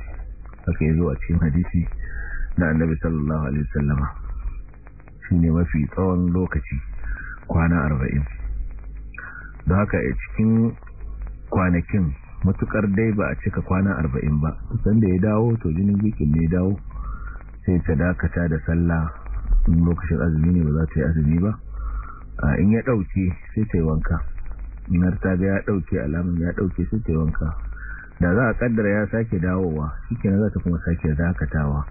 haka ya zo a cikin hadisi na annabi sallallahu alaihi wasallama shine mafi tsawon lokaci kwana arba'in don haka a cikin kwanakin matukar dai ba a cika kwana arba'in ba kusan da ya dawo to jinin bikin ne dawo sai ta dakata da sallah in lokacin azumi ne ba za ta yi azumi ba in ya dauke sai ta yi wanka inar ta ga ya dauke alamun ya dauke sai ta yi wanka da za a kaddara ya sake dawowa na za ta kuma sake dakatawa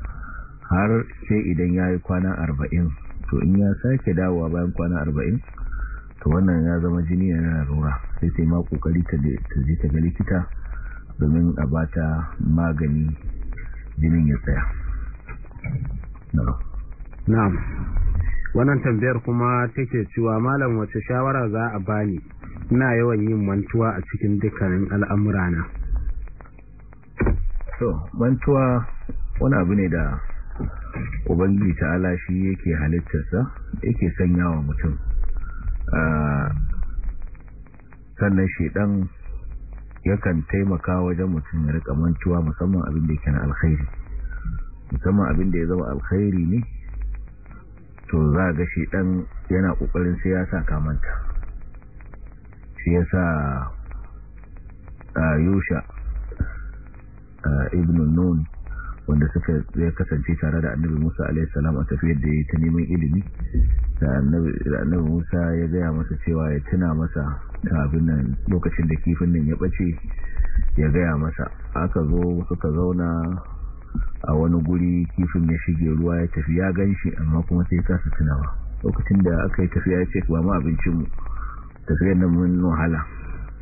har sai idan ya yi kwana arba'in to in ya sake dawowa bayan kwana arba'in to wannan ya zama jini yana rura sai sai ma kokari ta je ta ga likita domin a bata magani jinin ya tsaya na'am wannan tambayar kuma take cewa malam wace shawara za a bani ina yawan yin mantuwa a cikin dukkanin al'amurana so mantuwa wani abu ne da ubangiji ala shi yake halittarsa yake sanya wa mutum ah, sannan shaidan yakan taimaka wajen mutum ya rika mantuwa musamman abin da yake na alkhairi musamman abin da ya zama alkhairi ne to za ga shaidan yana kokarin sai ya sa kamanta shi ya sa ah, yusha ah, nun wanda suka ya kasance tare da annabi musa alaihissalam a tafiyar da ya ta neman ilimi da annabi musa ya gaya masa cewa ya tuna masa kafin nan lokacin da kifin nan ya bace ya gaya masa aka zo suka zauna a wani guri kifin ya shige ruwa ya tafi ya gan shi amma kuma sai kasa tunawa lokacin da aka yi tafiya ya ce ba mu abincinmu tafiyar nan mun wahala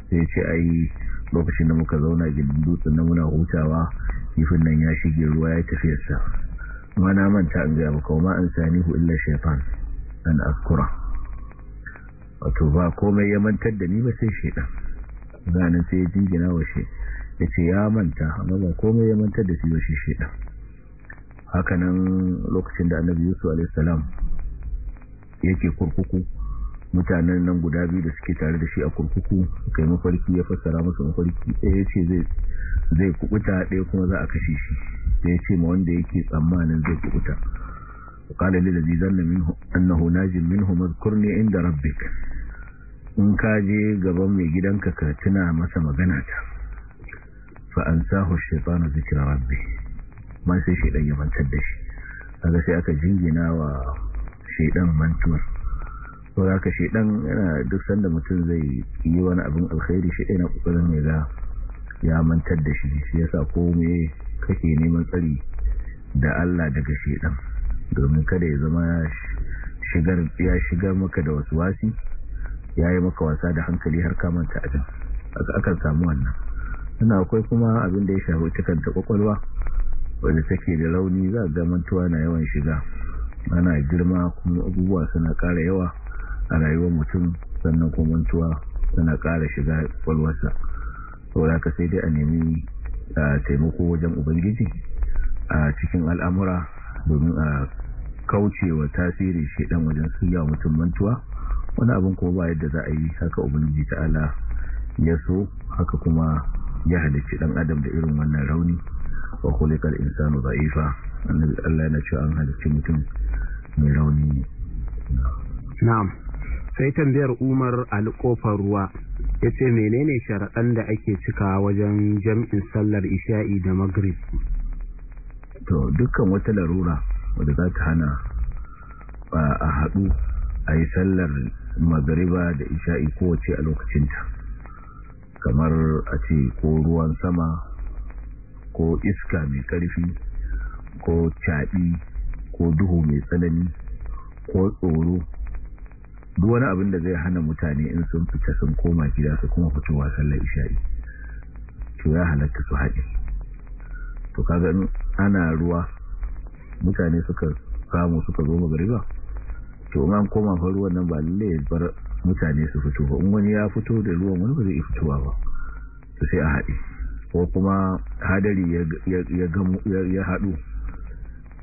sai ce ai lokacin da muka zauna gidan dutsen na muna hutawa kifin nan ya shige ruwa ya tafiyarsa Kuma na manta an gaya maka ma an sani hu illa shaytan an askura wato ba komai ya mantar da ni ba sai shaytan zanin sai ya jingina wa shi ya ce ya manta amma ba komai ya mantar da shi ba shi shaytan haka nan lokacin da annabi yusuf alaihi salam yake kurkuku mutanen nan guda biyu da suke tare da shi a kurkuku kai mafarki ya fassara masa mafarki ɗaya ce zai kubuta ɗaya kuma za a kashe shi da ya ce ma wanda yake tsammanin zai kubuta kala da zai zanna annahu najin minhu ne inda rabbik in ka je gaban mai gidan ka tuna masa magana ta fa an sahu shaytanu zikra rabbi ma sai shaydan ya mantar da shi kaga sai aka jingina wa shaydan mantuwar ko da ka shedan yana duk sanda mutum zai yi wani abin alkhairi shi ɗaya na kokarin mai za ya mantar da shi shi yasa ko me kake neman tsari da Allah daga shedan domin kada ya zama shigar ya shiga maka da wasu wasi ya yi maka wasa da hankali har ka manta abin akan samu wannan ina akwai kuma abin da ya shafi cikin ta kwakwalwa wadda take da launi za ga mantuwa na yawan shiga ana girma kuma abubuwa suna ƙara yawa a rayuwar mutum sannan kuma mantuwa tana ƙara shiga kwalwarsa saboda ka sai dai a nemi taimako wajen ubangiji a cikin al'amura domin a kaucewa shi ɗan wajen suya mutum mantuwa wani abin ko ba yadda za a yi haka ubangiji ta ta'ala ya so haka kuma ya halicci dan adam da irin wannan rauni wa kulikal insanu za'ifa annabi Allah yana cewa an halicci mutum mai rauni na'am sai tambayar umar alƙofar ruwa ya ce menene sharaɗan da ake cika wajen jam'in sallar isha'i da magrib to dukkan wata larura wadda za ta hana a haɗu a yi sallar magariba da isha'i kowace a lokacinta kamar a ce ko ruwan sama ko iska mai ƙarfi ko caɗi ko duhu mai tsanani ko tsoro duk wani abin da zai hana mutane in sun fita sun koma gida su kuma fitowa wasan isha'i to ya halatta su haɗe to kaga ana ruwa mutane suka samu suka zo magariba to an koma fa ruwan nan ba lalle ya bar mutane su fito ba in wani ya fito da ruwan wani ba zai fitowa ba to sai a haɗe ko kuma hadari ya haɗu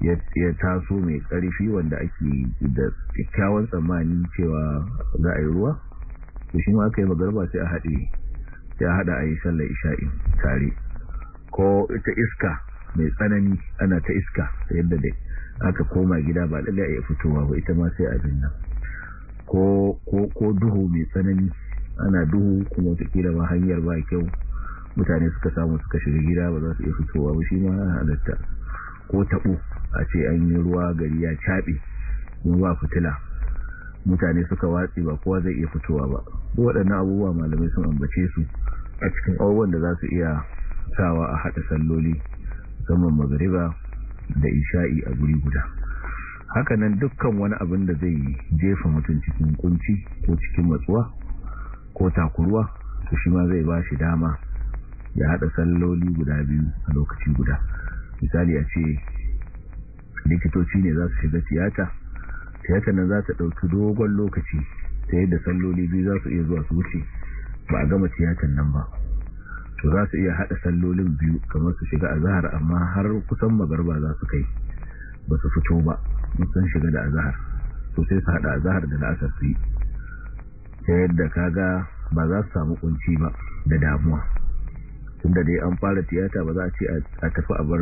ya taso mai karfi wanda ake da kyakkyawan tsammani cewa za a yi ruwa da shi ma aka yi magarba sai a haɗe ya haɗa a yi shalla isha'i tare ko ita iska mai tsanani ana ta iska ta yadda da aka koma gida ba daga ya fitowa ba ita ma sai a binna ko duhu mai tsanani ana duhu kuma kira ba hanyar ba kyau mutane suka samu suka shiga gida ba za su iya fitowa ba shi ma halatta ko taɓo a ce an yi ruwa gari ya caɓe kuma ba fitila mutane suka watsi ba kowa zai iya fitowa ba waɗannan abubuwa malamai sun ambace su a cikin abubuwan da za su iya sawa a haɗa salloli musamman magariba da isha'i a guri guda hakanan dukkan wani abin da zai jefa mutum cikin kunci ko cikin matsuwa ko takuruwa to shi ma zai ba shi dama ya haɗa salloli guda biyu a lokaci guda misali a ce likitoci ne za su shiga tiyata tiyata nan za ta ɗauki dogon lokaci ta yadda salloli biyu za su iya zuwa su wuce ba a gama tiyatan nan ba to za su iya haɗa sallolin biyu kamar su shiga azahar amma har kusan magarba za su kai ba su fito ba sun shiga da azahar to sai su haɗa azahar da la'asar su yi ta yadda kaga ba za su samu kunci ba da damuwa tunda dai an fara tiyata ba za a ce a tafi a bar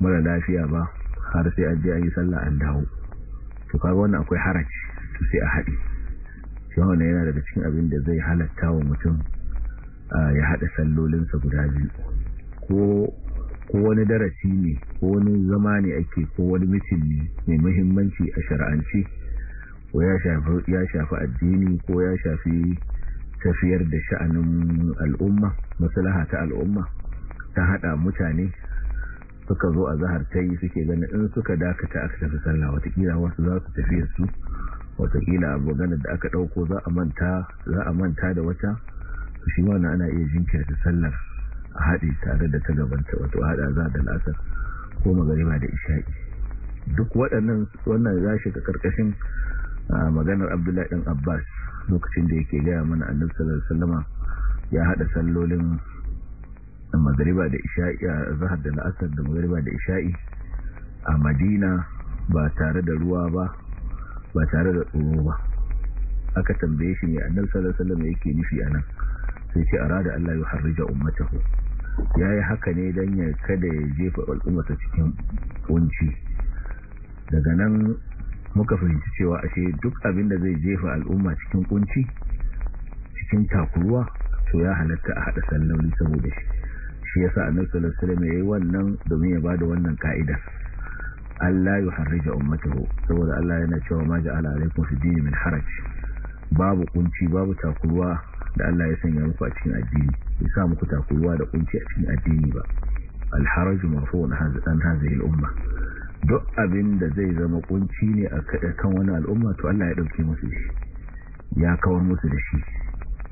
mara lafiya ba har sai an je an yi sallah an dawo to kaga wannan akwai haraci to sai a haɗi shi wannan yana daga cikin abin da zai halatta wa mutum ya haɗa sa guda biyu ko ko wani darasi ne ko wani zama ne ake ko wani mutum ne mai muhimmanci a shar'anci ko ya shafi ya shafi addini ko ya shafi tafiyar da sha'anin al'umma maslaha ta al'umma ta hada mutane suka zo a zahar ta yi suke ganin in suka dakata aka tafi sallah watakila wasu za su tafi su watakila abu ganin da aka dauko za a manta da wata shi wani ana iya jinkirta sallar a haɗe tare da ta gabanta wato haɗa za da lasar ko magariba da isha'i duk waɗannan wannan za shi ga ƙarƙashin maganar abdullahi ɗin abbas lokacin da yake gaya mana annabtar sallama ya haɗa sallolin da magariba da isha'i a zahar da la'asar da magariba da isha'i a madina ba tare da ruwa ba ba tare da tsoro ba aka tambaye shi ne annal sallallahu alaihi yake nufi nan sai ce rada Allah ya harrija ummatahu yi haka ne don ya kada ya jefa al'ummata cikin kunci daga nan muka fahimci cewa ashe duk abin da zai jefa al'umma cikin kunci cikin takuruwa to ya halatta a haɗa salloli saboda shi shi yasa annabi sallallahu alaihi wasallam yayi wannan domin ya bada wannan ka'ida Allah ya harrija ummatahu saboda Allah yana cewa ma ja'ala alaikum fi dini min haraj babu kunci babu takurwa da Allah ya sanya muku a cikin addini ya sa muku takurwa da kunci a cikin addini ba al-haraj marfu'un an hadhihi al-umma duk abin da zai zama kunci ne a kan wani al'umma to Allah ya dauke musu shi ya kawar musu da shi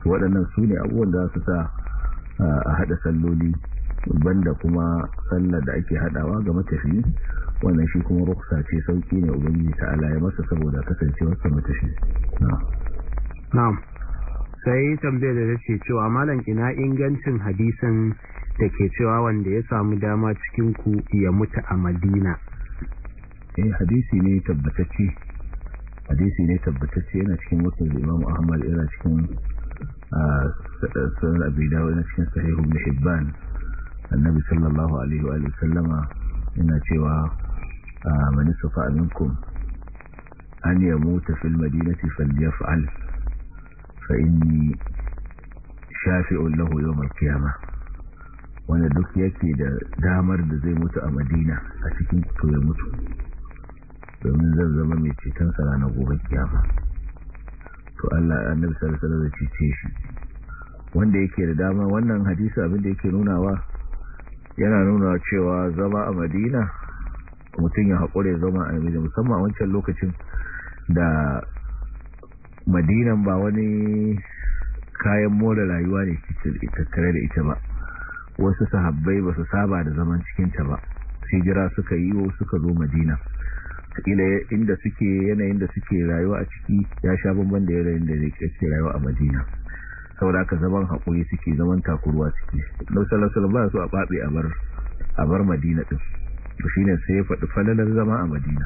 waɗannan su ne abubuwan da su sa a haɗa salloli banda kuma sallar da ake hadawa ga matafi wannan shi kuma ruksa ce sauki ne ubangiji ta ala ya masa saboda kasancewar sa matafi na'am sai tambayar da ce cewa malam ina ingancin hadisin da ke cewa wanda ya samu dama cikin ku ya mutu a Madina eh hadisi ne tabbatacce hadisi ne tabbatacce yana cikin mutum Imam Ahmad yana cikin a sanar dawo yana cikin sahihun mahibban annabi sallallahu alaihi wa sallama yana cewa man safa minkum an yamuta fil madinati falyaf'al fa inni shafi'un lahu yawm qiyamah wanda duk yake da damar da zai mutu a madina a cikin to ya mutu domin zan zama mai ceton sa ranar gobe kiyama to Allah annabi sallallahu alaihi wa sallam ya cece shi wanda yake da dama wannan hadisi abin da yake nunawa yana nuna cewa zama a madina mutum ya haƙure zama a madina musamman a wancan lokacin da madinan ba wani kayan more rayuwa ne tattare da ita ba wasu sahabbai ba su saba da zaman cikinta ba hijira suka yi wa suka zo madina ila inda suke yanayin da suke rayuwa a ciki ya sha bamban da yanayin da ke rayuwa a madina saboda ka zaman haƙuri suke zaman takurwa suke don salasala ba su a ɓaɓe a bar madina ɗin to shi ne sai faɗi falalar zama a madina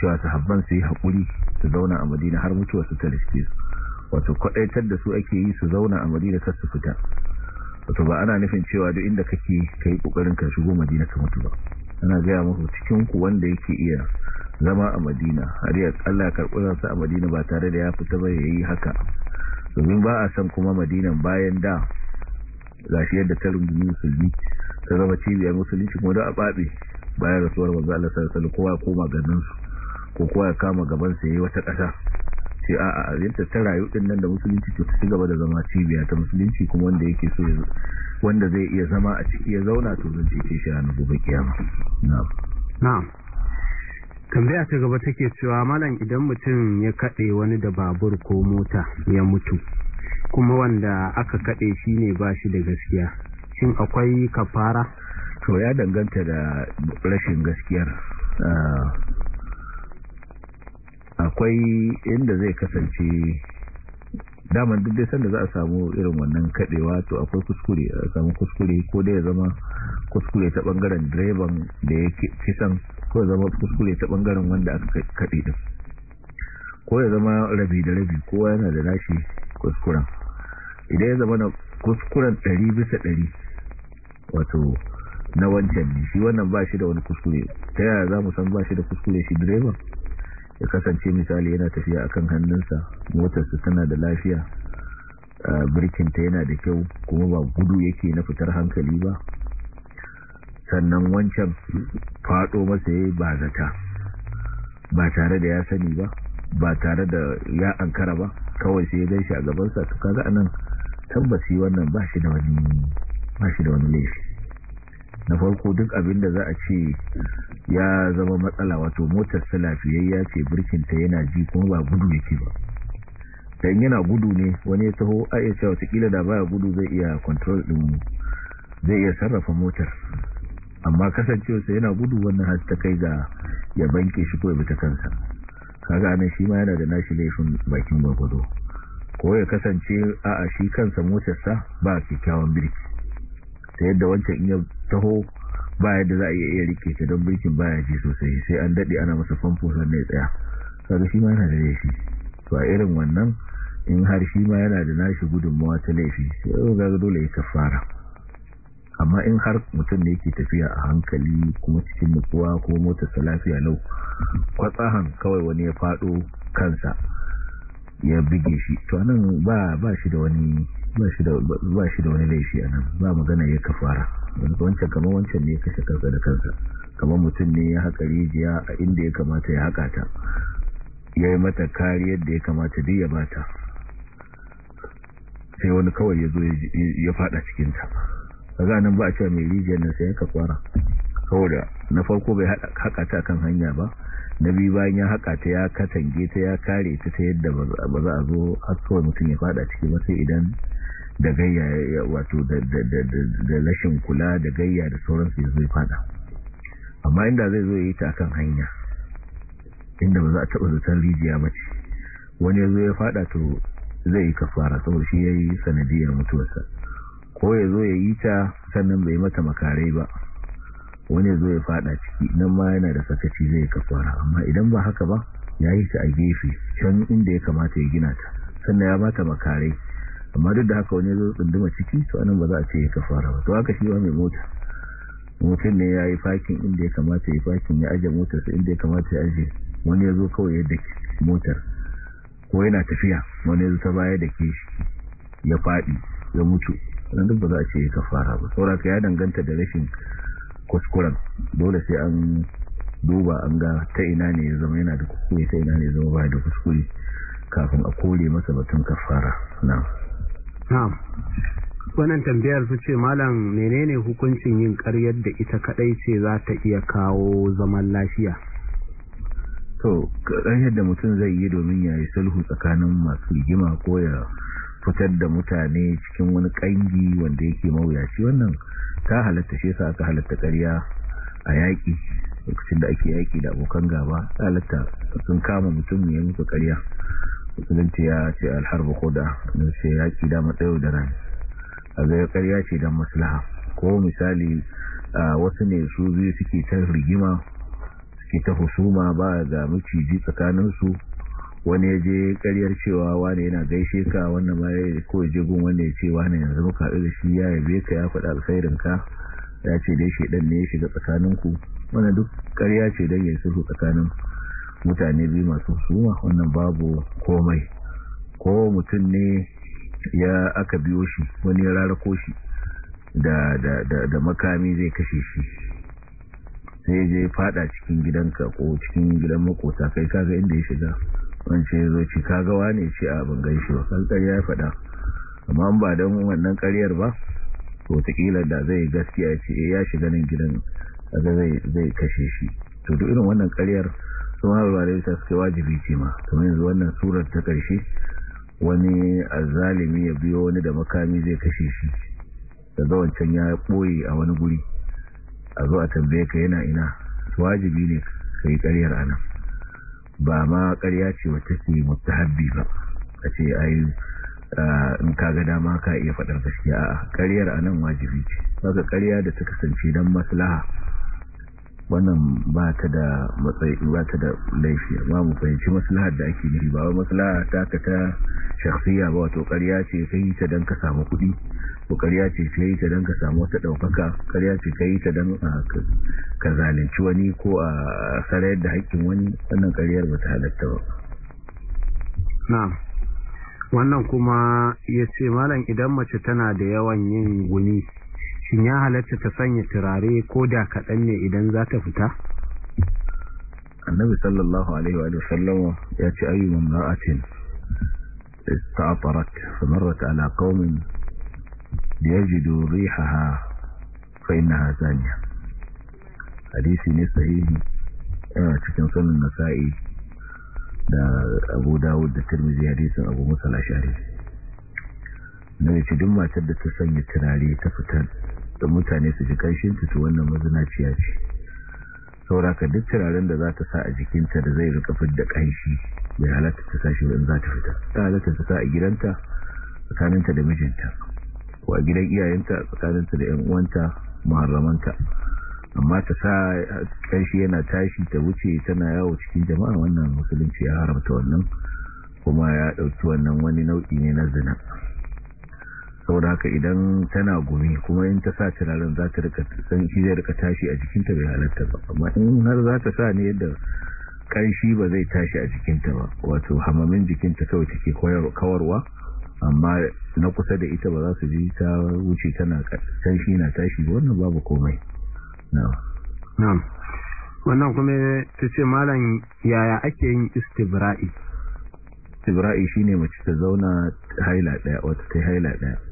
cewa sahabban su yi haƙuri su zauna a madina har mutuwa su ta riske su wato kwaɗaitar da su ake yi su zauna a madina kar su fita wato ba ana nufin cewa duk inda kake ka yi ƙoƙarin ka shigo madina ka mutu ba ana gaya muku cikin ku wanda yake iya zama a madina har ya Allah ya karɓi a madina ba tare da ya fita ba ya yi haka domin ba a san kuma madinan bayan da gashi yadda ta rungumi musulmi ta zama cibiyar musulunci kuma da a babe bayan rasuwar wanzu Allah kowa ya koma ganinsu su ko kowa ya kama gaban ya yi wata ƙasa ce a a yadda ta rayu din nan da musulunci to ci gaba da zama cibiya ta musulunci kuma wanda wanda zai iya zama a ciki ya zauna to zan ce shi ranar gobe kiyama na'am tambaya ta gaba take cewa malam idan mutum ya kaɗe wani da babur ko mota ya mutu kuma wanda aka kaɗe shine ne ba shi da gaskiya shin akwai kafara to ya danganta da rashin gaskiyar ah, akwai inda zai kasance daman duk dai sanda za a samu irin wannan kadewa to akwai kuskure a samu kuskure ko dai ya zama kuskure ta bangaren direban da ya san ko ya zama kuskure ta bangaren wanda aka kade din ko ya zama rabi da rabi kowa yana da nashi kuskuren idan ya zama na kuskuren 100 bisa ɗari wato na wancan ne shi wannan ba shi da wani kuskure ta yaya za mu san ba shi da kuskure shi direban ya kasance misali yana tafiya akan hannunsa motarsa tana da lafiya birkinta yana da kyau kuma ba gudu yake na fitar hankali ba sannan wancan fado masa ya yi ba zata ba tare da ya sani ba ba tare da ya ankara ba kawai sai ya shi a gabansa to ga anan tabbaci wannan ba shi da wani laifi na farko duk abin da za a ce ya zama matsala wato motar ya lafiyayya ce birkinta yana ji kuma ba gudu yake ba don yana gudu ne wani ya taho a iya cewa watakila da baya gudu zai iya control din zai iya sarrafa motar amma kasancewarsa yana gudu wannan har ta kai ga ya banke shi ko ya bita kansa kaga anan shi ma yana da nashi laifin bakin gwagwado ko ya kasance a'a shi kansa motarsa ba kyakkyawan birki ta yadda wancan iya taho baya da za a iya rike ta don birkin baya ji sosai sai an daɗe ana masa famfo sannan ya tsaya kada shi ma yana da laifi to a irin wannan in har shi ma yana da nashi gudunmawa ta laifi sai ga dole ya kafara amma in har mutum ne yake tafiya a hankali kuma cikin nutsuwa ko ta lafiya lau kwatsahan kawai wani ya faɗo kansa ya bige shi to nan ba shi da wani ba shi da wani laifi a nan ba magana ya kafara wancan kamar wancan ne ya kashe kansa da kansa kamar mutum ne ya haƙa rijiya a inda ya kamata ya haƙa ta ya yi mata kari yadda ya kamata da ya bata sai wani kawai ya zo ya fada cikinta a nan ba a cewa mai rijiyar nan sai ya kafara saboda na farko bai haƙa ta kan hanya ba na biyu bayan ya haƙa ta ya katange ta ya kare ta ta yadda ba za a zo har kawai mutum ya fada ciki ba sai idan da gayya wato da rashin kula da gayya da sauransu ya zai fada amma inda zai zo yi ta kan hanya inda ba za a taɓa zutar rijiya ba ce wani ya zo ya fada to zai yi kafara saboda shi ya yi sanadiyar mutuwarsa ko ya zo ya yi ta sannan bai mata makarai ba wani ya zo ya fada ciki nan ma yana da sakaci zai yi kafara amma idan ba haka ba ya yi ta a gefe can inda ya kamata ya gina ta sannan ya bata makarai amma duk da haka wani zo tsunduma ciki to anan ba za a ce ya kafara ba to haka shi ba mai mota mutum ne ya yi fakin inda ya kamata ya fakin ya aje motarsa inda ya kamata ya aje wani ya zo kawai yadda motar ko yana tafiya wani ya zo ta baya da ke ya faɗi ya mutu wani duk ba za a ce ya kafara ba ka ya danganta da rashin kuskuren dole sai an duba an ga ta ina ne ya zama yana da kuskure ta ina ne ya zama ba da kuskure kafin a kore masa batun kafara na na'am wannan tambayar su ce malam menene hukuncin yin ƙaryar da ita kadai ce za ta iya kawo zaman lafiya to karyar da mutum zai yi domin ya yi sulhu tsakanin masu rigima ko ya fitar da mutane cikin wani ƙangi wanda yake mawuyaci wannan ta halatta shi sa halatta karya a yaƙi lokacin da ake yaƙi da abokan gaba halatta sun kama mutum ya musu karya musulunci ya ce alharbu koda don ce ya ci da tsayo da rani a zai karya ce don maslaha ko misali a wasu ne su biyu suke ta rigima suke ta husuma ba ga maciji tsakaninsu wani ya je karyar cewa wani yana gaishe ka wannan ma ya ko je gun wani ya ce wani yanzu muka haɗu da shi ya yabe ka ya faɗa alkhairin ka ya ce dai ɗan ne ya shiga tsakaninku wani duk karya ce don ya sulhu tsakanin mutane biyu masu suma wannan babu komai ko mutum ne ya aka biyo shi wani ya rarako shi da, makami zai kashe shi sai je fada cikin gidanka ko cikin gidan makota kai kaga inda ya shiga wance ya zo ci kagawa ne shi a bangan shi wasan ya faɗa amma ba don wannan karyar ba to takila da zai gaskiya ce eh, ya shiga nan gidan kaga zai kashe shi to duk irin wannan karyar su malubarai ta suke wajibi ce ma kamar yanzu wannan surar ta karshe wani azalimi ya biyo wani da makami zai kashe shi da wancan ya ɓoye a wani guri a zo a tambaye ka yana ina wajibi ne ka yi ƙaryar anan ba ma ƙarya ce wacce ke mustahabbi ba a ce ai in ka ga dama ka iya faɗar gaskiya a ƙaryar anan wajibi ce kaga ƙarya da ta kasance don maslaha wannan ba ta da matsayi ba ta da laifi amma mu fahimci maslahar da ake nufi ba maslaha ta ka ta shakhsiya ba wato ƙarya ce kai ta dan ka samu kuɗi ko ƙarya ce kai ta dan ka samu wata ɗaukaka ƙarya ce kai ta dan ka zalunci wani ko a sarayar da haƙƙin wani wannan ƙaryar ba ta halatta ba na'am wannan kuma ya ce malam idan mace tana da yawan yin guni shin ya halatta ta sanya turare ko da kaɗan ne idan za ta fita annabi sallallahu alaihi wa sallam ya ce ayyu ra'atin ista'tarat samarat ala qaumin yajidu rihaha fa innaha zaniya hadisi ne sahihi yana cikin sunan nasa'i da abu dawud da tirmizi hadisin abu musa al-ashari na duk matar da ta sanya turare ta fitar da mutane su ji kanshin ta ci wannan mazinaciya ce sauraka duk turaren da za ta sa a jikinta da zai rika fidda kanshi mai halatta ta sashi wurin za ta fita ta halatta ta sa a gidanta tsakaninta da mijinta ko a gidan iyayenta tsakaninta da 'yan uwanta muharramanta amma ta sa kanshi yana tashi ta wuce tana yawo cikin jama'a wannan musulunci ya haramta wannan kuma ya ɗauki wannan wani nau'i ne na zina saboda haka idan tana gumi kuma in ta sa turaren za ta rika san shi zai rika tashi a jikinta bai halatta ba amma in har za ta sa ne yadda kanshi ba zai tashi a jikinta ba wato hamamin jikinta kawai take kawarwa amma na kusa da ita ba za su ji ta wuce tana kanshi na tashi wannan babu komai na'am wannan kuma ta ce malam yaya ake yin istibra'i istibra'i shine mace ta zauna haila daya wata ta haila daya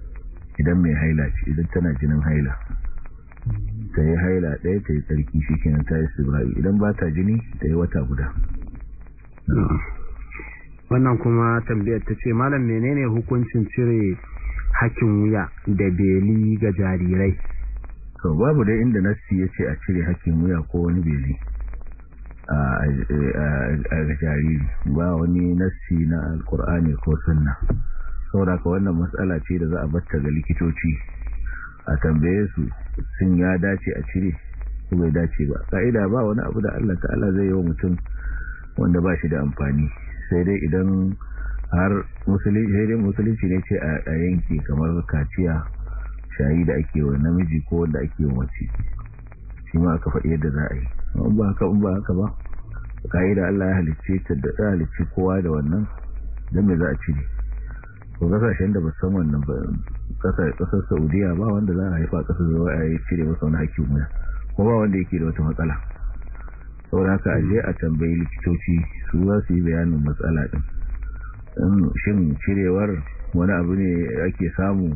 idan mai haila ce idan tana jinin haila ta yi haila ɗaya ta yi tsarki shi kenan ta yi sibirai idan ba ta jini ta yi wata guda wannan kuma tambayar ta ce malam menene hukuncin cire hakin wuya da beli ga jarirai to babu dai inda nassi ya ce a cire hakin wuya ko wani beli a jariri ba wani nassi na alkur'ani ko sunna saboda ka wannan matsala ce da za a bacca ga likitoci a tambaye su sun ya dace a cire ko bai dace ba ka'ida ba wani abu da Allah ta'ala zai yi wa mutum wanda ba shi da amfani sai dai idan har musulunci ne ce a yanke kamar kaciya shayi da ake wa namiji ko wanda ake wa mace shi ma aka faɗi yadda za a yi ba haka ba haka ba ka'ida Allah ya halicce ta da halicci kowa da wannan don me za a cire ko kasashen da ba san wannan ba kasar saudiya ba wanda za a haifa kasar zuwa a yi cire masa wani haƙƙin wuya ko ba wanda yake da wata matsala saboda haka a je a tambayi likitoci su za su yi bayanin matsala din shin cirewar wani abu ne ake samu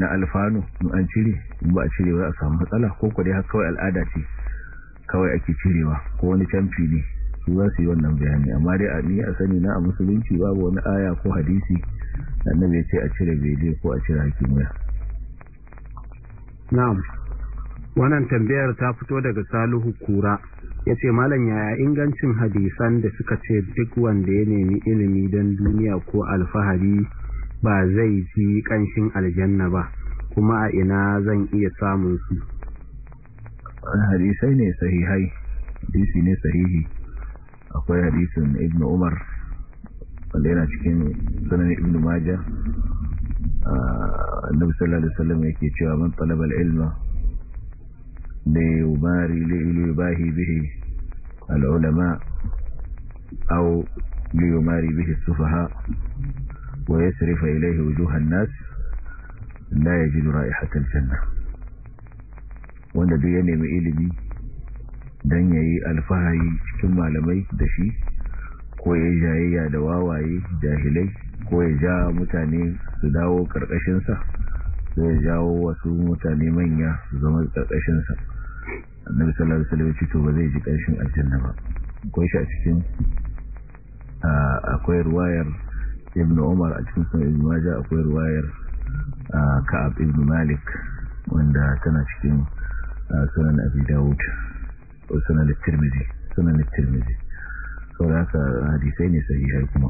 na alfanu in an cire ba a cirewa a samu matsala ko kwadai haka kawai al'ada ce kawai ake cirewa ko wani camfi ne su za su yi wannan bayani amma dai a ni a sani na a musulunci babu wani aya ko hadisi annabi ya ce a cire bele ko a cire hakin wuya na'am wannan tambayar ta fito daga Salihu Kura ya ce malam yaya ingancin hadisan da suka ce duk wanda ya nemi ilimi don duniya ko alfahari ba zai ji kanshin aljanna ba kuma a ina zan iya samun su hadisai ne sahihai hadisi ne sahihi akwai hadisin ibn umar wanda yana cikin sunan ibn maja annabi sallallahu alaihi wasallam yake cewa man talaba al-ilma la yubari li yubahi bihi al-ulama aw li yumari bihi as-sufaha wa yasrifa ilayhi wujuha an-nas la yajidu ra'ihata al-janna wanda duk ya nemi ilimi don ya yi alfahari cikin malamai da shi ko ya jayayya da wawaye jahilai ko ya ja mutane su dawo ƙarƙashinsa ko ya jawo wasu mutane manya su zama ƙarƙashinsa annabi sallallahu alaihi wasallam to ba zai ji ƙarshen aljanna ba akwai shi a cikin akwai ruwayar ibn umar a cikin sunan ibn majah akwai ruwayar ka'ab ibn malik wanda tana cikin sunan abi dawud sunan tirmidhi sunan sau da haka hadisai ne sahihai kuma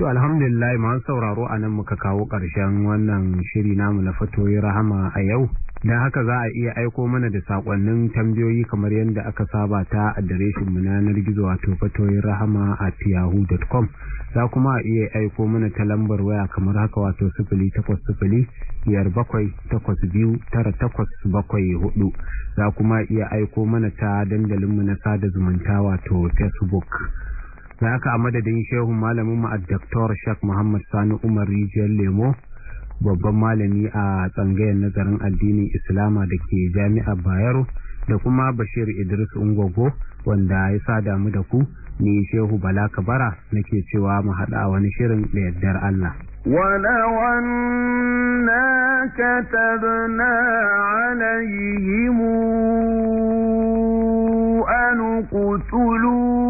to alhamdulillah ma sauraro a nan muka kawo ƙarshen wannan shiri namu na fatoyi rahama a yau don haka za a iya aiko mana da saƙonnin tambayoyi kamar yadda aka saba ta adireshin munanar na gizo wato fatoyi rahama a yahoo.com za kuma a iya aiko mana ta lambar waya kamar haka wato sifili takwas sifili biyar bakwai takwas biyu tara takwas bakwai hudu za kuma iya aiko mana ta dandalinmu na sada zumunta wato facebook da aka a madadin shehun malamin a daktar shak muhammad sani umar rijiyar lemo babban malami a tsangayar nazarin addinin islama da ke jami'a bayero da kuma bashir idris ungogo wanda ya sada mu da ku ne shehu bala kabara ke cewa mu haɗa wani shirin da yardar allah ولو أن قتلوا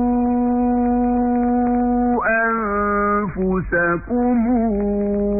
لكم